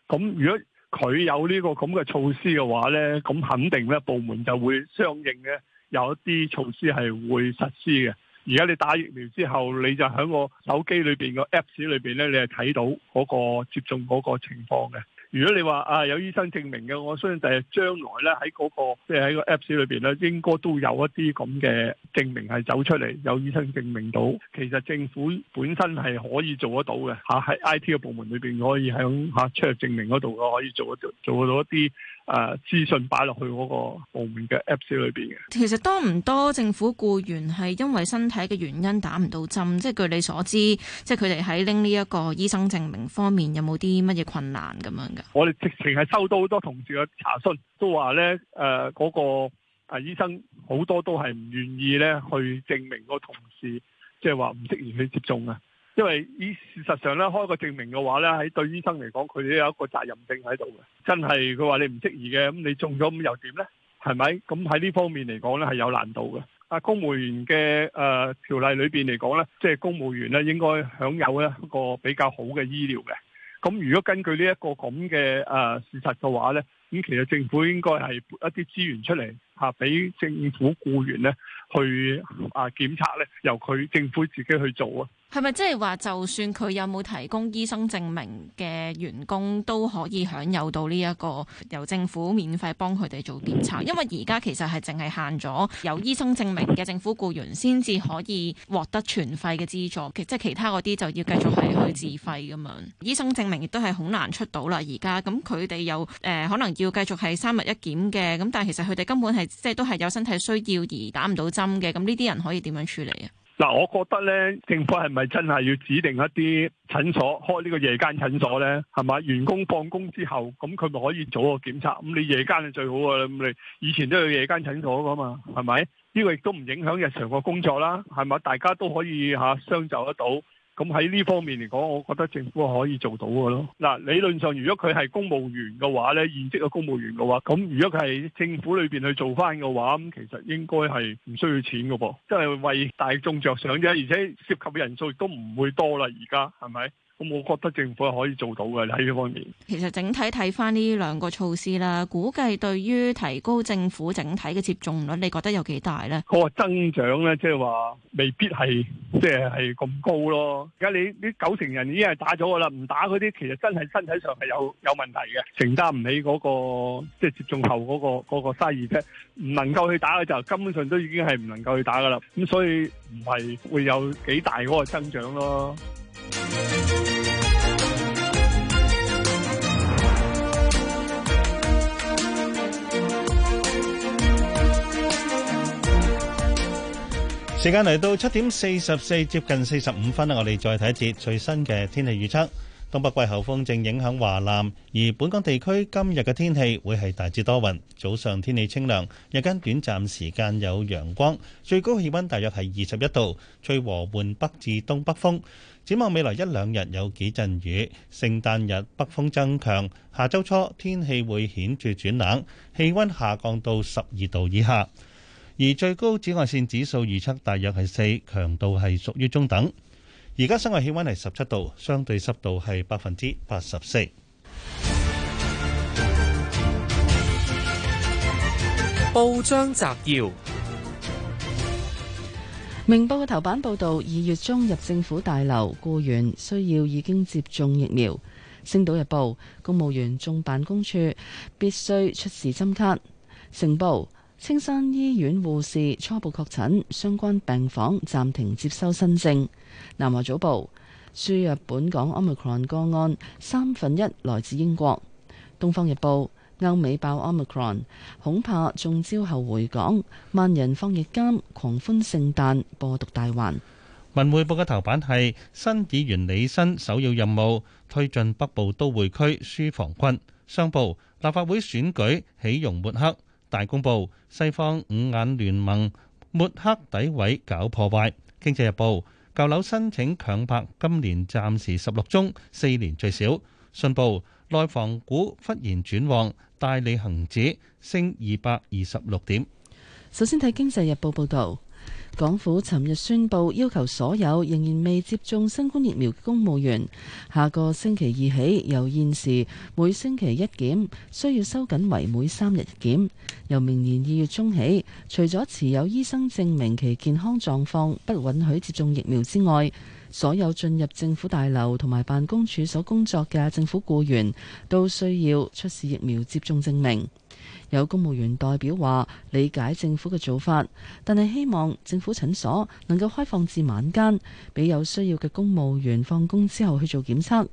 咁如果佢有呢個咁嘅措施嘅話呢，咁肯定呢部門就會相應呢有一啲措施係會實施嘅。而家你打疫苗之後，你就喺個手機裏邊個 Apps 裏邊呢，你係睇到嗰個接種嗰個情況嘅。如果你話啊有醫生證明嘅，我相信就係將來咧，喺嗰個即係喺個 Apps 裏邊咧，應該都有一啲咁嘅證明係走出嚟，有醫生證明到，其實政府本身係可以做得到嘅嚇，喺、啊、IT 嘅部門裏邊可以響嚇、啊、出入證明嗰度，可以做做做得到一啲。誒，資訊擺落去嗰個部門嘅 Apps 裏邊嘅。其實多唔多政府僱員係因為身體嘅原因打唔到針？即係據你所知，即係佢哋喺拎呢一個醫生證明方面有冇啲乜嘢困難咁樣嘅？我哋直情係收到好多同事嘅查詢，都話咧，誒嗰個啊醫生好多都係唔願意咧去證明個同事，即係話唔適宜去接種啊。因為依事實上咧，開個證明嘅話咧，喺對醫生嚟講，佢哋都有一個責任性喺度嘅。真係佢話你唔適宜嘅，咁你中咗咁又點呢？係咪？咁喺呢方面嚟講咧，係有難度嘅。啊，公務員嘅誒條例裏邊嚟講咧，即係公務員咧應該享有咧一個比較好嘅醫療嘅。咁如果根據呢一個咁嘅誒事實嘅話咧，咁其實政府應該係撥一啲資源出嚟吓，俾政府僱員咧去啊檢查咧，由佢政府自己去做啊。係咪即係話，就算佢有冇提供醫生證明嘅員工都可以享有到呢、這、一個由政府免費幫佢哋做檢查？因為而家其實係淨係限咗由醫生證明嘅政府雇員先至可以獲得全費嘅資助，即係其他嗰啲就要繼續係去自費咁樣。醫生證明亦都係好難出到啦，而家咁佢哋又誒、呃、可能要繼續係三日一檢嘅，咁但係其實佢哋根本係即係都係有身體需要而打唔到針嘅，咁呢啲人可以點樣處理啊？嗱，我覺得呢政府係咪真係要指定一啲診所開呢個夜間診所呢？係咪員工放工之後，咁佢咪可以做個檢查。咁你夜間係最好喎。咁你以前都有夜間診所噶嘛？係咪？呢、呢個亦都唔影響日常嘅工作啦。係咪？大家都可以嚇、啊、相就得到。咁喺呢方面嚟講，我覺得政府可以做到嘅咯。嗱，理論上如果佢係公務員嘅話呢，現職嘅公務員嘅話，咁如果佢係政府裏邊去做翻嘅話，咁其實應該係唔需要錢嘅噃，即係為大眾着想啫，而且涉及嘅人數亦都唔會多啦，而家係咪？我覺得政府係可以做到嘅喺呢方面。其實整體睇翻呢兩個措施啦，估計對於提高政府整體嘅接種率，你覺得有幾大咧？嗰個增長咧，即係話未必係即係係咁高咯。而家你啲九成人已經係打咗嘅啦，唔打嗰啲其實真係身體上係有有問題嘅，承擔唔起嗰個即係接種後嗰個嗰個生意啫。唔能夠去打嘅就根本上都已經係唔能夠去打嘅啦。咁所以唔係會有幾大嗰個增長咯。時間嚟到七點四十四，接近四十五分啦。我哋再睇一節最新嘅天氣預測。東北季候風正影響華南，而本港地區今日嘅天氣會係大致多雲，早上天氣清涼，日間短暫時間有陽光，最高氣溫大約係二十一度，吹和緩北至東北風。展望未來一兩日有幾陣雨，聖誕日北風增強，下周初天氣會顯著轉冷，氣溫下降到十二度以下。而最高紫外線指數預測大約係四，強度係屬於中等。而家室外氣温係十七度，相對濕度係百分之八十四。報章摘要：明報嘅頭版報道，二月中入政府大樓，雇員需要已經接種疫苗。星島日報，公務員進辦公處必須出示針卡。成報。青山醫院護士初步確診，相關病房暫停接收新症。南華早報，輸入本港 omicron 個案，三分一來自英國。東方日報，歐美爆 omicron，恐怕中招後回港。萬人放疫監狂歡聖誕播毒大患。文匯報嘅頭版係新議員李新首要任務，推進北部都會區紓房困。商報，立法會選舉豈容抹黑。大公報，西方五眼聯盟抹黑詆毀搞破壞。經濟日報：舊樓申請強拍今年暫時十六宗，四年最少。信報：內房股忽然轉旺，大利恒指升二百二十六點。首先睇經濟日報報道。港府尋日宣布，要求所有仍然未接種新冠疫苗嘅公務員，下個星期二起，由現時每星期一檢，需要收緊為每三日檢。由明年二月中起，除咗持有醫生證明其健康狀況不允許接種疫苗之外，所有進入政府大樓同埋辦公處所工作嘅政府僱員，都需要出示疫苗接種證明。有公務員代表話，理解政府嘅做法，但係希望政府診所能夠開放至晚間，俾有需要嘅公務員放工之後去做檢測。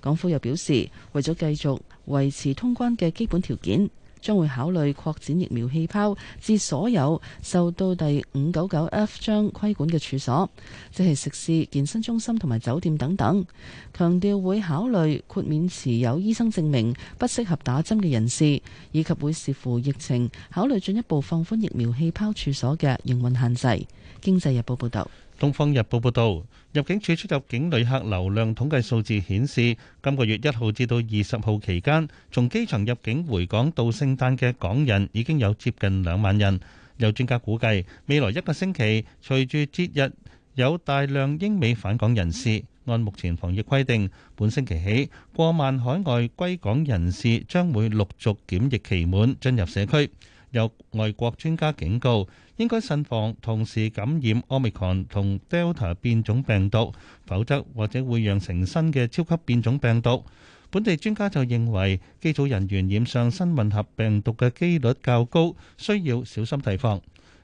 港府又表示，為咗繼續維持通關嘅基本條件，將會考慮擴展疫苗氣泡至所有受到第五九九 F 章規管嘅處所，即係食肆、健身中心同埋酒店等等。強調會考慮豁免持有醫生證明不適合打針嘅人士，以及會視乎疫情考慮進一步放寬疫苗氣泡處所嘅營運限制。經濟日報報道。《東方日報》報導，入境處出入境旅客流量統計數字顯示，今個月一號至到二十號期間，從機場入境回港度聖誕嘅港人已經有接近兩萬人。有專家估計，未來一個星期，隨住節日有大量英美返港人士，按目前防疫規定，本星期起過萬海外歸港人士將會陸續檢疫期滿進入社區。有外國專家警告。應該慎防同時感染 Omicron 同 Delta 變種病毒，否則或者會釀成新嘅超級變種病毒。本地專家就認為，機組人員染上新混合病毒嘅機率較高，需要小心提防。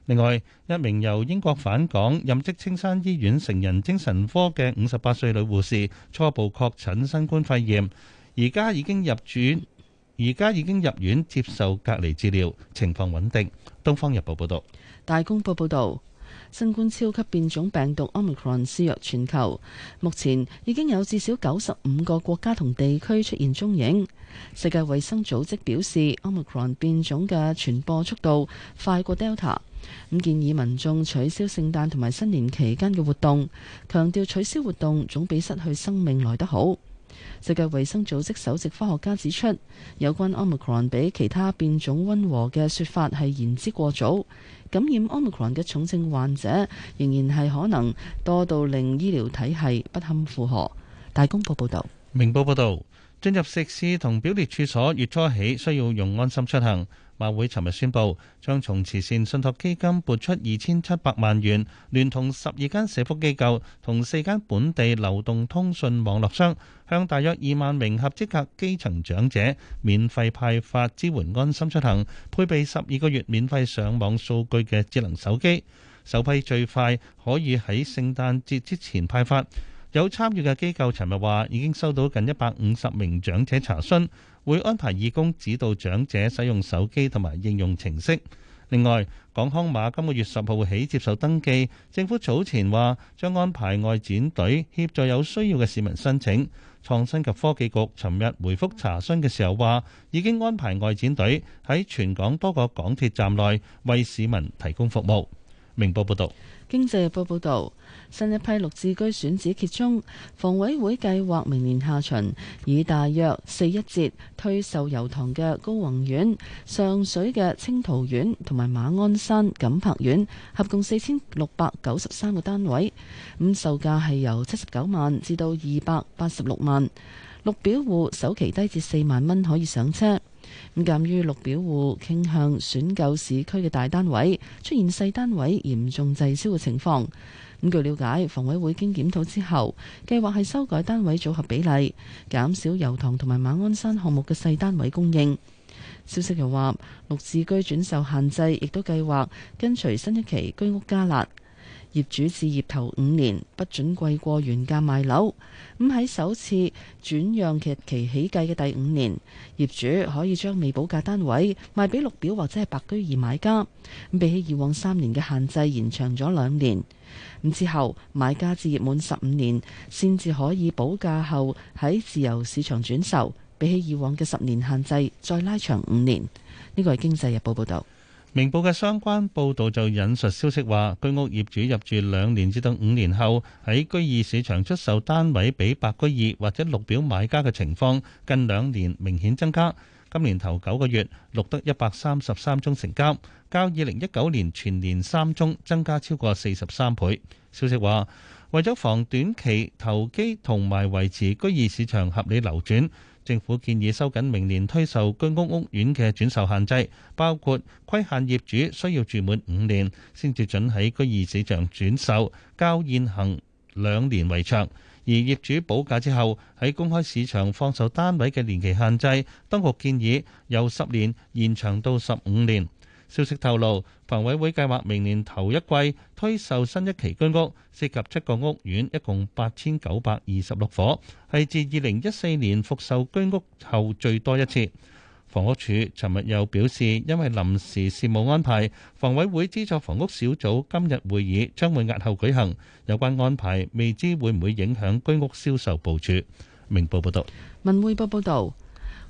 另外，一名由英國返港、任職青山醫院成人精神科嘅五十八歲女護士，初步確診新冠肺炎，而家已經入院，而家已經入院接受隔離治療，情況穩定。《東方日報》報導。大公報報導，新冠超級變種病毒 Omicron 肆虐全球，目前已經有至少九十五個國家同地區出現蹤影。世界衛生組織表示，Omicron 變種嘅傳播速度快過 Delta，咁建議民眾取消聖誕同埋新年期間嘅活動，強調取消活動總比失去生命來得好。世界衛生組織首席科學家指出，有關 Omicron 比其他變種溫和嘅說法係言之過早。感染 Omicron 嘅重症患者仍然係可能多到令醫療體系不堪負荷。大公報報道，明報報道，進入食肆同表列處所，月初起需要用安心出行。馬會，尋日宣布將從慈善信託基金撥出二千七百萬元，聯同十二間社福機構同四間本地流動通訊網絡商，向大約二萬名合資格基層長者免費派發支援安心出行、配備十二個月免費上網數據嘅智能手機。首批最快可以喺聖誕節之前派發。有參與嘅機構尋日話，已經收到近一百五十名長者查詢。會安排義工指導長者使用手機同埋應用程式。另外，港康碼今個月十號起接受登記。政府早前話將安排外展隊協助有需要嘅市民申請。創新及科技局尋日回覆查詢嘅時候話，已經安排外展隊喺全港多個港鐵站內為市民提供服務。明報報道。經濟日報報道。新一批綠置居選址揭盅，房委會計劃明年下旬以大約四一折推售油塘嘅高宏苑、上水嘅青桃苑同埋馬鞍山錦柏苑，合共四千六百九十三個單位。咁售價係由七十九萬至到二百八十六萬，綠表戶首期低至四萬蚊可以上車。咁鑑於綠表戶傾向選購市區嘅大單位，出現細單位嚴重滯銷嘅情況。咁據了解，房委會經檢討之後，計劃係修改單位組合比例，減少油塘同埋馬鞍山項目嘅細單位供應。消息又話，綠置居轉售限制亦都計劃跟隨新一期居屋加辣，業主置業頭五年不准貴過原價賣樓。咁喺首次轉讓契日期起計嘅第五年，業主可以將未保價單位賣俾綠表或者係白居二買家。比起以往三年嘅限制，延長咗兩年。咁之後，買家置業滿十五年，先至可以補價後喺自由市場轉售，比起以往嘅十年限制，再拉長五年。呢個係《經濟日報》報道。明報嘅相關報道就引述消息話，居屋業主入住兩年至到五年後喺居二市場出售單位，俾白居二或者綠表買家嘅情況，近兩年明顯增加。今年頭九個月錄得一百三十三宗成交，較二零一九年全年三宗增加超過四十三倍。消息話，為咗防短期投機同埋維持居二市場合理流轉，政府建議收緊明年推售居屋屋苑嘅轉售限制，包括規限業主需要住滿五年先至準喺居二市場轉售，較現行兩年為長。而業主補價之後，喺公開市場放售單位嘅年期限制，當局建議由十年延長到十五年。消息透露，房委會計劃明年頭一季推售新一期居屋，涉及七個屋苑，一共八千九百二十六伙，係自二零一四年復售居屋後最多一次。房屋署尋日又表示，因為臨時事務安排，房委會資助房屋小組今日會議將會押後舉行。有關安排未知會唔會影響居屋銷售部署。明報報導，文匯報報導，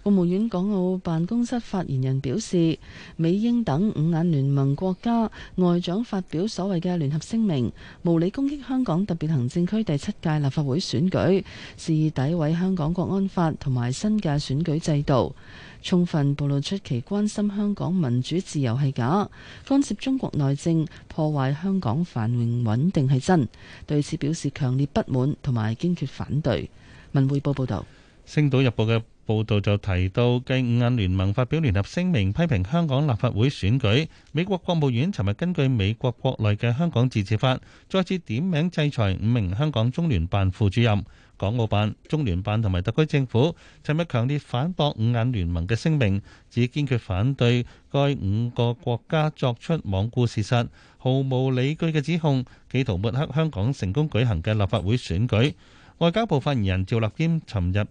國務院港澳辦公室發言人表示，美英等五眼聯盟國家外長發表所謂嘅聯合聲明，無理攻擊香港特別行政區第七屆立法會選舉，肆意詆毀香港國安法同埋新嘅選舉制度。充分暴露出其關心香港民主自由係假，干涉中國內政、破壞香港繁榮穩定係真。對此表示強烈不滿同埋堅決反對。文匯報報道。星島日報嘅報道就提到，繼五眼聯盟發表聯合聲明，批評香港立法會選舉。美國國務院尋日根據美國國內嘅香港自治法，再次點名制裁五名香港中聯辦副主任。港澳辦、中聯辦同埋特區政府尋日強烈反駁五眼聯盟嘅聲明，指堅決反對該五個國家作出罔顧事實、毫無理據嘅指控，企圖抹黑香港成功舉行嘅立法會選舉。外交部發言人趙立堅尋日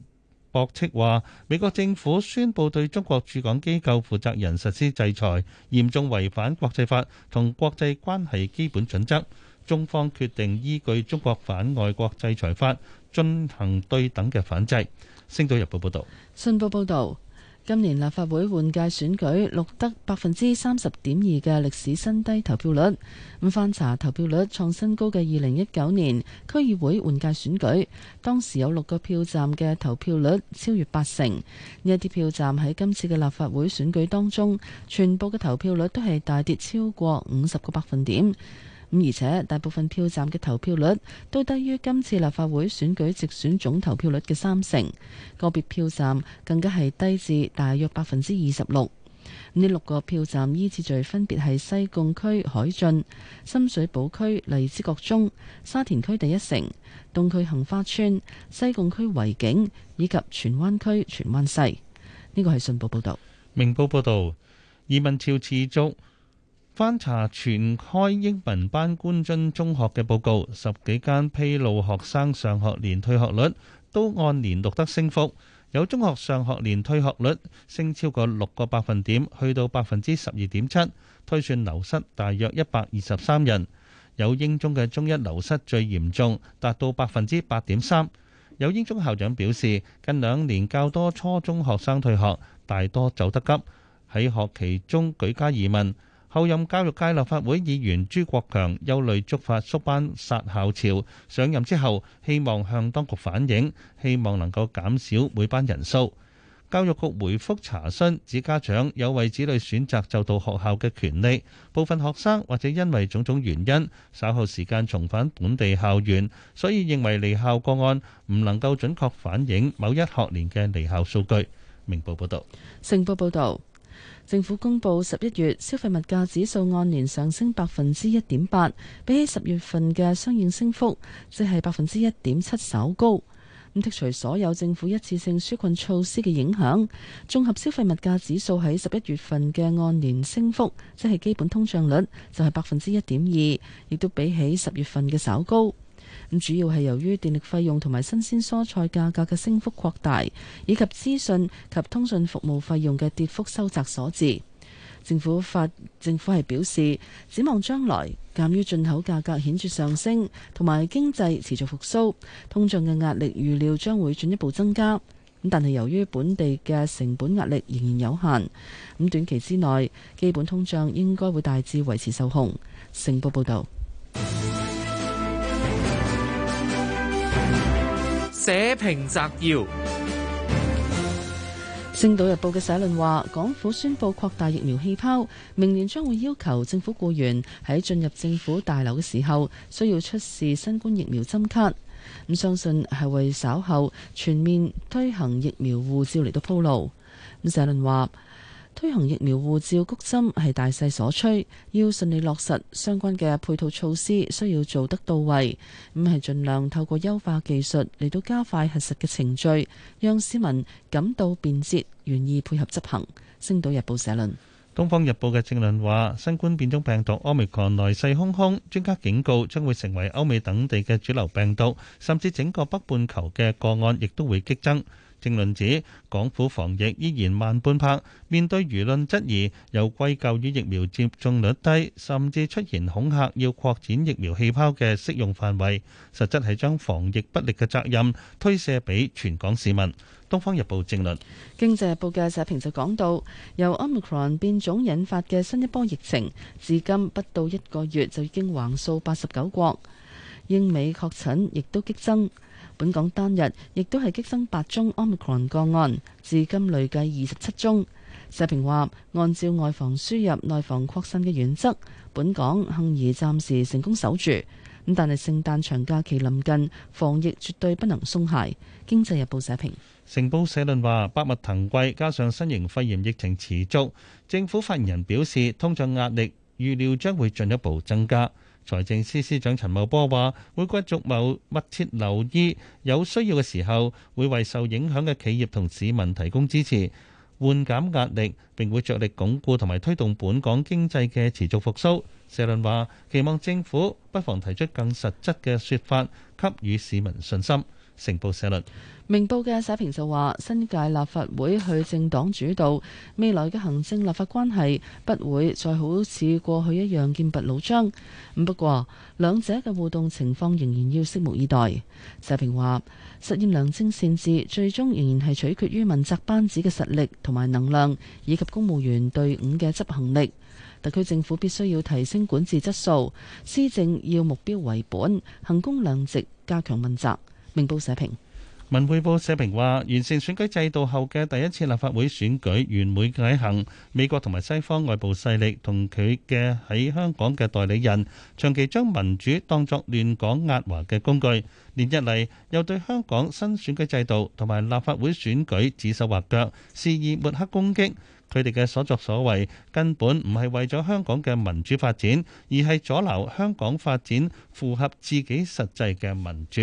駁斥話：美國政府宣布對中國駐港機構負責人實施制裁，嚴重違反國際法同國際關係基本準則。中方決定依據《中國反外國制裁法》。進行對等嘅反制。星島日報報道，信報報道，今年立法會換屆選舉錄得百分之三十點二嘅歷史新低投票率。咁翻查投票率創新高嘅二零一九年區議會換屆選舉，當時有六個票站嘅投票率超越八成。呢一啲票站喺今次嘅立法會選舉當中，全部嘅投票率都係大跌超過五十個百分點。咁而且大部分票站嘅投票率都低於今次立法會選舉直選總投票率嘅三成，個別票站更加係低至大約百分之二十六。呢六個票站依次序分別係西貢區海俊、深水埗區荔枝角中、沙田區第一城、東區杏花邨、西貢區維景以及荃灣區荃灣西。呢個係信報報道，明報報道移民潮持續。翻查全開英文班官津中學嘅報告，十幾間披露學生上學年退學率都按年錄得升幅，有中學上學年退學率升超過六個百分點，去到百分之十二點七，推算流失大約一百二十三人。有英中嘅中一流失最嚴重，達到百分之八點三。有英中校長表示，近兩年較多初中學生退學，大多走得急，喺學期中舉家移民。后任教育界立法會議員朱國強憂慮觸發縮班殺校潮，上任之後希望向當局反映，希望能夠減少每班人數。教育局回覆查詢，指家長有為子女選擇就讀學校嘅權利，部分學生或者因為種種原因稍後時間重返本地校園，所以認為離校個案唔能夠準確反映某一學年嘅離校數據。明報報導，成報報導。政府公布十一月消費物價指數按年上升百分之一點八，比起十月份嘅相應升幅，即係百分之一點七，稍高。咁剔除所有政府一次性紓困措施嘅影響，綜合消費物價指數喺十一月份嘅按年升幅，即係基本通脹率，就係百分之一點二，亦都比起十月份嘅稍高。咁主要係由於電力費用同埋新鮮蔬菜價格嘅升幅擴大，以及資訊及通訊服務費用嘅跌幅收窄所致。政府發政府係表示，展望將來，鑑於進口價格顯著上升同埋經濟持續復甦，通脹嘅壓力預料將會進一步增加。咁但係由於本地嘅成本壓力仍然有限，咁短期之內，基本通脹應該會大致維持受控。成報報道。社評摘要，《星島日報》嘅社論話，港府宣布擴大疫苗氣泡，明年將會要求政府僱員喺進入政府大樓嘅時候需要出示新冠疫苗針卡。咁相信係為稍後全面推行疫苗護照嚟到鋪路。咁社論話。推行疫苗護照，谷針係大勢所趨，要順利落實相關嘅配套措施，需要做得到位。唔係盡量透過優化技術嚟到加快核實嘅程序，讓市民感到便捷，願意配合執行。星島日報社論。東方日報嘅正論話：新冠變種病毒 Omicron 來勢洶洶，專家警告將會成為歐美等地嘅主流病毒，甚至整個北半球嘅個案亦都會激增。政論指港府防疫依然慢半拍，面對輿論質疑，又歸咎於疫苗接種率低，甚至出言恐嚇要擴展疫苗氣泡嘅適用範圍，實質係將防疫不力嘅責任推卸俾全港市民。《東方日報》政論，《經濟日報》嘅社評就講到，由奧密克戎變種引發嘅新一波疫情，至今不到一個月就已經橫掃八十九國，英美確診亦都激增。本港單日亦都係激增八宗 Omicron 個案，至今累計二十七宗。社評話：按照外防輸入、內防擴散嘅原則，本港幸而暫時成功守住。咁但係聖誕長假期臨近，防疫絕對不能鬆懈。經濟日報社評。成報社論話：百物騰貴，加上新型肺炎疫情持續，政府發言人表示，通脹壓力預料將會進一步增加。財政司司長陳茂波話：會繼續留密切留意，有需要嘅時候會為受影響嘅企業同市民提供支持，緩減壓力，並會着力鞏固同埋推動本港經濟嘅持續復甦。社論話：期望政府不妨提出更實質嘅説法，給予市民信心。《成報》社論，《明報》嘅社評就話：新界立法會去政黨主導，未來嘅行政立法關係不會再好似過去一樣劍拔弩張。咁不過，兩者嘅互動情況仍然要拭目以待。社評話：實現良政善治，最終仍然係取決於問責班子嘅實力同埋能量，以及公務員隊伍嘅執行力。特區政府必須要提升管治質素，施政要目標為本，行公良直，加強問責。明報社評，文匯報社評話：完成選舉制度後嘅第一次立法會選舉圓滿舉行。美國同埋西方外部勢力同佢嘅喺香港嘅代理人，長期將民主當作亂港壓華嘅工具。連日嚟，又對香港新選舉制度同埋立法會選舉指手畫腳，肆意抹黑攻擊。佢哋嘅所作所為根本唔係為咗香港嘅民主發展，而係阻撓香港發展符合自己實際嘅民主。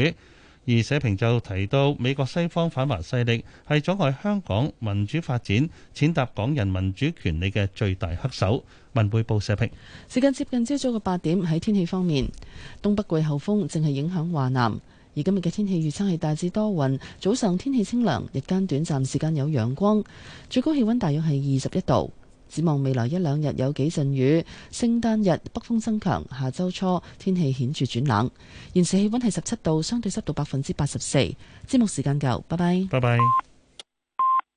而社評就提到，美國西方反華勢力係阻礙香港民主發展，踐踏港人民主權利嘅最大黑手。文匯報社評。時間接近朝早嘅八點，喺天氣方面，東北季候風正係影響華南，而今日嘅天氣預測係大致多雲，早上天氣清涼，日間短暫時間有陽光，最高氣溫大約係二十一度。展望未來一兩日有幾陣雨，聖誕日北風增強，下周初天氣顯著轉冷。現時氣溫係十七度，相對濕度百分之八十四。節目時間夠，拜拜。拜拜。